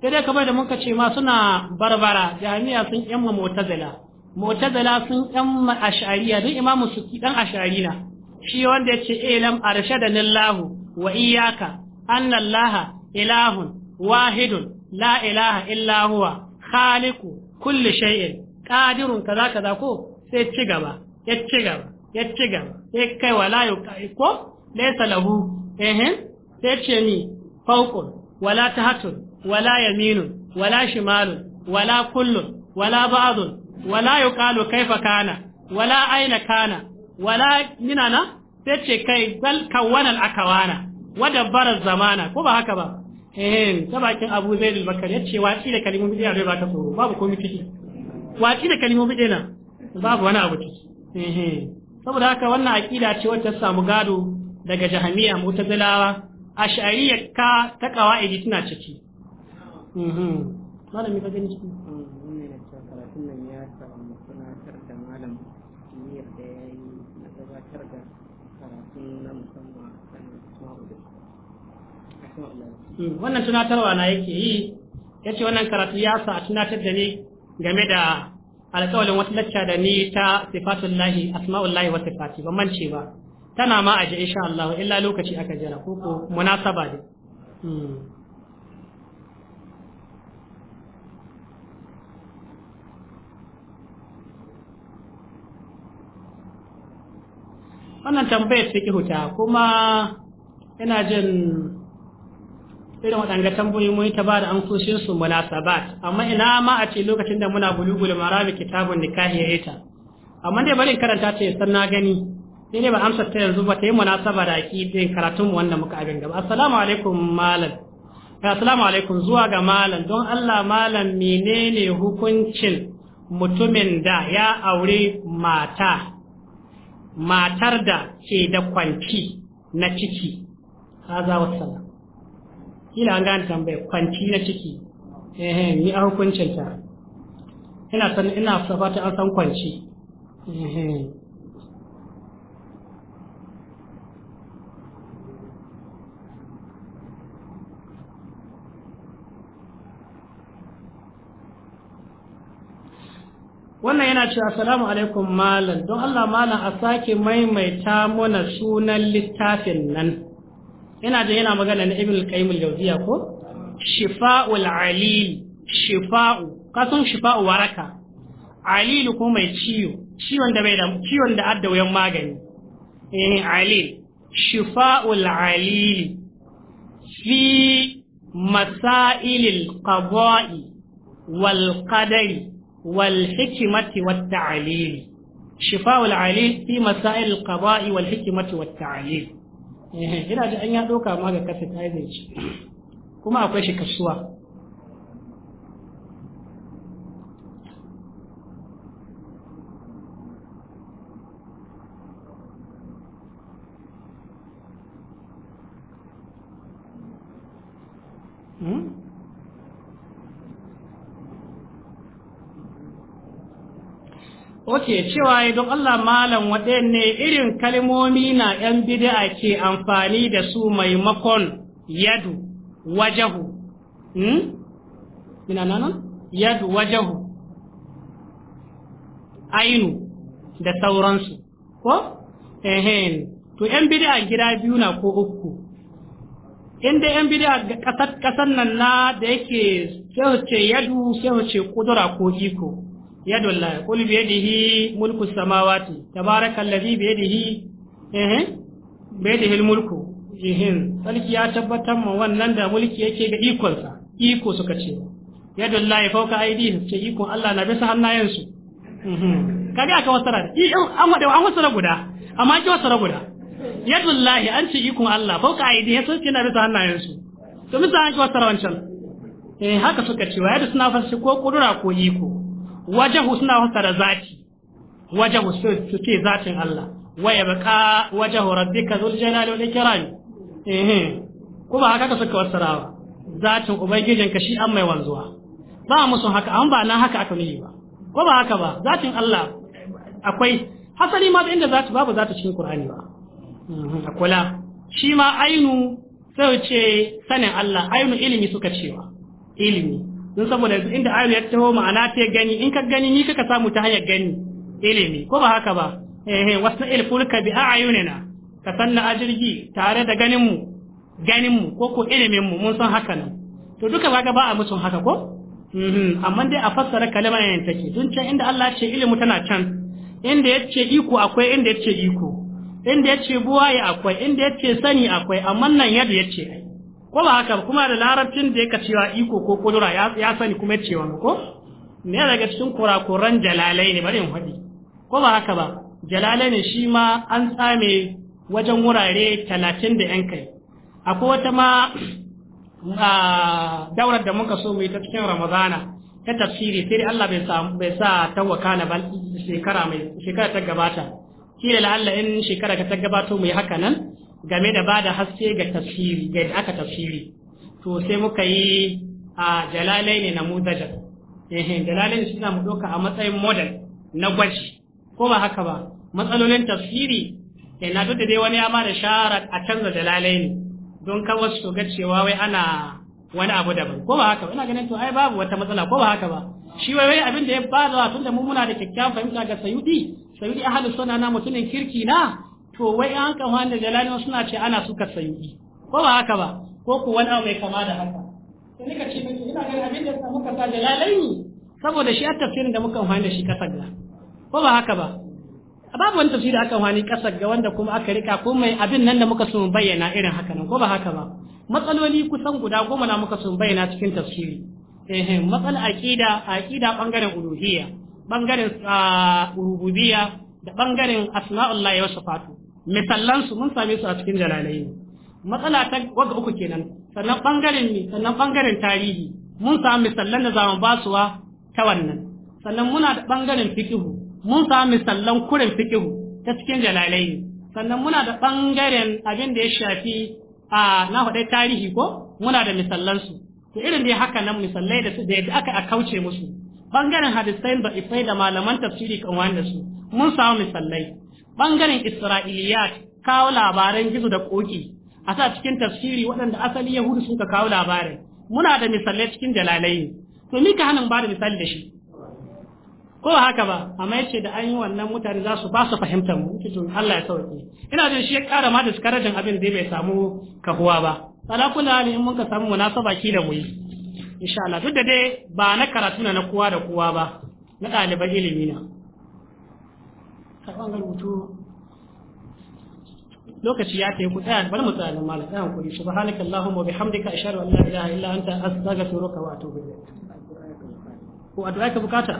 sai dai kamar da muka ce ma suna barbara jahamiya sun yan mu'tazila mu'tazila sun yan ash'ariya duk imamu ki dan ash'ari na shi wanda yace ilam arshada lillahu wa iyyaka anna allaha ilahun wahidun la ilaha illahua, khaliku, kulli shay'in ƙadirun, kaza kaza ko sai ci gaba ya ci gaba ya ci gaba sai kai wala yuqai ko laysa lahu sai ce ni fawqun wala tahtun wala yaminun wala shimalun wala kullun wala ba'adun, wala yuqalu kaifa kana wala aina kana wala minana sai ce kai bal kawana akawana wadabbara zamana ko ba haka ba eh ta bakin Abu Zaid al-Bakari yace waci da kalmomi da bai baka tsoro babu komai ciki waci da kalmomi da nan babu wani abu ciki eh saboda haka wannan aqida ce wacce ta samu gado daga Jahamiya Mu'tazilawa Ash'ariyya ka ta qawaidi tana ciki mhm malami ka gani ciki mm, karatun nan Mm. wannan tunatarwa na yake yi ya ce wannan karatu ya sa a tunatar da ni game da alƙawalin wata lacca da ni ta sifatun lahi asma'ul lahi wata fati ban mance ba tana ma a aje sha Allah illa lokaci aka jira ko ko munasaba ne mm. wannan tambayar fiqhu ta kuma yana jin irin waɗanda tambayoyi mun ta ba da kushe su munasabat amma ina ma a ce lokacin da muna bulugul marami kitabun nikahi ya ita amma dai bari karanta ta san na gani sai ne ba amsa ta yanzu ba ta yi munasaba da din karatun mu wanda muka abin gaba assalamu alaikum malam assalamu alaikum zuwa ga malam don Allah malam menene hukuncin mutumin da ya aure mata matar da ke da kwanci na ciki haza kila an gane tambaye kwanci na ciki eh ni a hukuncin ta ina san ina fata an san kwanci eh wannan yana cewa assalamu alaikum malam don Allah malam a sake maimaita mana sunan littafin nan ina da yana magana na ibn al-qayyim al-jawziya ko shifa'ul alil shifa'u kasan shifa'u waraka alil ko mai ciwo ciwon da bai da ciwon da adda wayan magani eh alil shifa'ul alil fi masailil qada'i wal qadari wal hikmati wat ta'lil shifa'ul alil fi masailil qada'i wal hikmati wat ta'lil Eh, ina ji an ya ɗauka ma ga kasa ta kuma akwai shi kasuwa Oke cewa ya don Allah malam waɗanne irin kalmomi na ‘yan bid'a ke amfani da su maimakon yadu wajahu. Hmm? Ina nana? Yadu wajahu. Ainu da sauransu. Ko? Ehen. To ‘yan bid'a gida biyu na ko uku. Inda ‘yan bid'a ƙasar nan na da yake sai ce yadu sai ce kudura ko iko. yadullah qul bi yadihi mulku samawati tabarakallazi bi yadihi eh bi yadihi mulku ihin sarki ya tabbatar ma wannan da mulki yake ga ikonsa iko suka ce yadullahi fauka aidihim ce ikon Allah na bisa hannayensu kaga aka wasara da an wada an wasara guda amma ki wasara guda yadullahi an ce ikon Allah fauka aidihim sun ce na bisa hannayensu to misa an ki wasara wancan eh haka suka ce wa yadu suna fashi ko kudura ko iko wajahu suna fassara zati wajahu su ce zatin Allah wa yabqa wajahu rabbika zul jalali wal ikram eh kuma haka ka suka fassara ba zatin ka shi an mai wanzuwa ba sun haka an ba na haka aka nuni ba ko ba haka ba zatin Allah akwai hasali ma inda zati babu zati cikin Qur'ani ba akula shi ma ainu sai ce sanin Allah ainu ilimi suka cewa ilimi don saboda inda ayo ya taho ma'ana ta gani in ka gani ni kaka samu ta hanyar gani ilimi ko ba haka ba eh il fulka bi a'yunina ka sanna ajirgi tare da ganin mu ganin mu ko ko ilimin mu mun san haka nan to duka kaga ba a musun haka ko mhm, amma dai a fassara kalmar yayin take tun can inda Allah ya ce ilimu tana can inda ya ce iko akwai inda ya ce iko inda ya ce buwaye akwai inda ya ce sani akwai amma nan yadda ya ce ko ba haka kuma da larabcin da yake cewa iko ko kudura ya sani kuma cewa ko ne daga cikin kurakuran jalalai ne bari in faɗi ko ba haka ba jalalai ne shi ma an tsame wajen wurare talatin da yan kai akwai wata ma a daurar da muka so mu ta cikin ramadana ta tafsiri sai Allah bai sa bai sa na ba shekara mai shekara ta gabata kila la'alla in shekara ka ta gabato mu yi haka nan game da ba da haske ga tafsiri ga aka tafsiri to sai muka yi a jalalai ne na mudajar ehe jalalai suna mu doka a matsayin model na gwaji ko ba haka ba matsalolin tafsiri na duk da dai wani ya ma da shara a canza jalalai ne don ka wasu to ga cewa wai ana wani abu daban ko ba haka ba ina ganin to ai babu wata matsala ko ba haka ba shi wai wai abin da ya bada tunda mu muna da kyakkyawan fahimta ga sayudi sayudi ahlus sunna na mutumin kirki na to wai an kan wanda jalalin suna ce ana suka sanyi ko ba haka ba ko ku wani abu mai kama da haka sai nika ce miki ina ganin abin da muka sa jalalai saboda shi a tafsirin da muka fahimta da shi kasar ga ko ba haka ba a babu wani tafsiri aka wani kasar ga wanda kuma aka rika ko mai abin nan da muka so bayyana irin haka nan ko ba haka ba matsaloli kusan guda goma na muka so bayyana cikin tafsiri eh matsal aqida aqida bangaren uluhiyya bangaren ah, rububiyya da bangaren asma'ullahi wa sifatu Misallansu mun same su a cikin jalalai matsala ta wadda uku kenan sannan bangaren mi sannan bangaren tarihi mun samu misallan da zamu basuwa ta wannan sannan muna da bangaren fikihu mun samu misallan kurin fikihu ta cikin jalalai sannan muna da bangaren abin da ya shafi a na hudai tarihi ko muna da misallansu to irin dai haka nan misallai da su da yadda aka kauce musu bangaren hadisai da ifai da malaman tafsiri kan wanda su mun samu misallai bangaren isra'iliyat kawo labaran gizo da koki a sa cikin tafsiri waɗanda asali yahudu suka kawo labarin muna da misalai cikin dalalai to ni ka bada ba misali da shi ko haka ba amma yace da an yi wannan mutane za su ba su fahimtar mu to Allah ya sauke ina jin shi ya kara ma da sukarajin abin da bai samu kahuwa ba ala kullu hali in mun ka samu munasaba ki da mu yi insha Allah duk da dai ba na karatu na kowa da kowa ba na ɗaliban ilimi na karɓan rubutu lokaci ya kai ku tsaya bari mu tsaya nan malam tsaya ku subhanaka allahumma bihamdika ashhadu an la ilaha illa anta astaghfiruka wa atubu ilayk ko addu'a bukata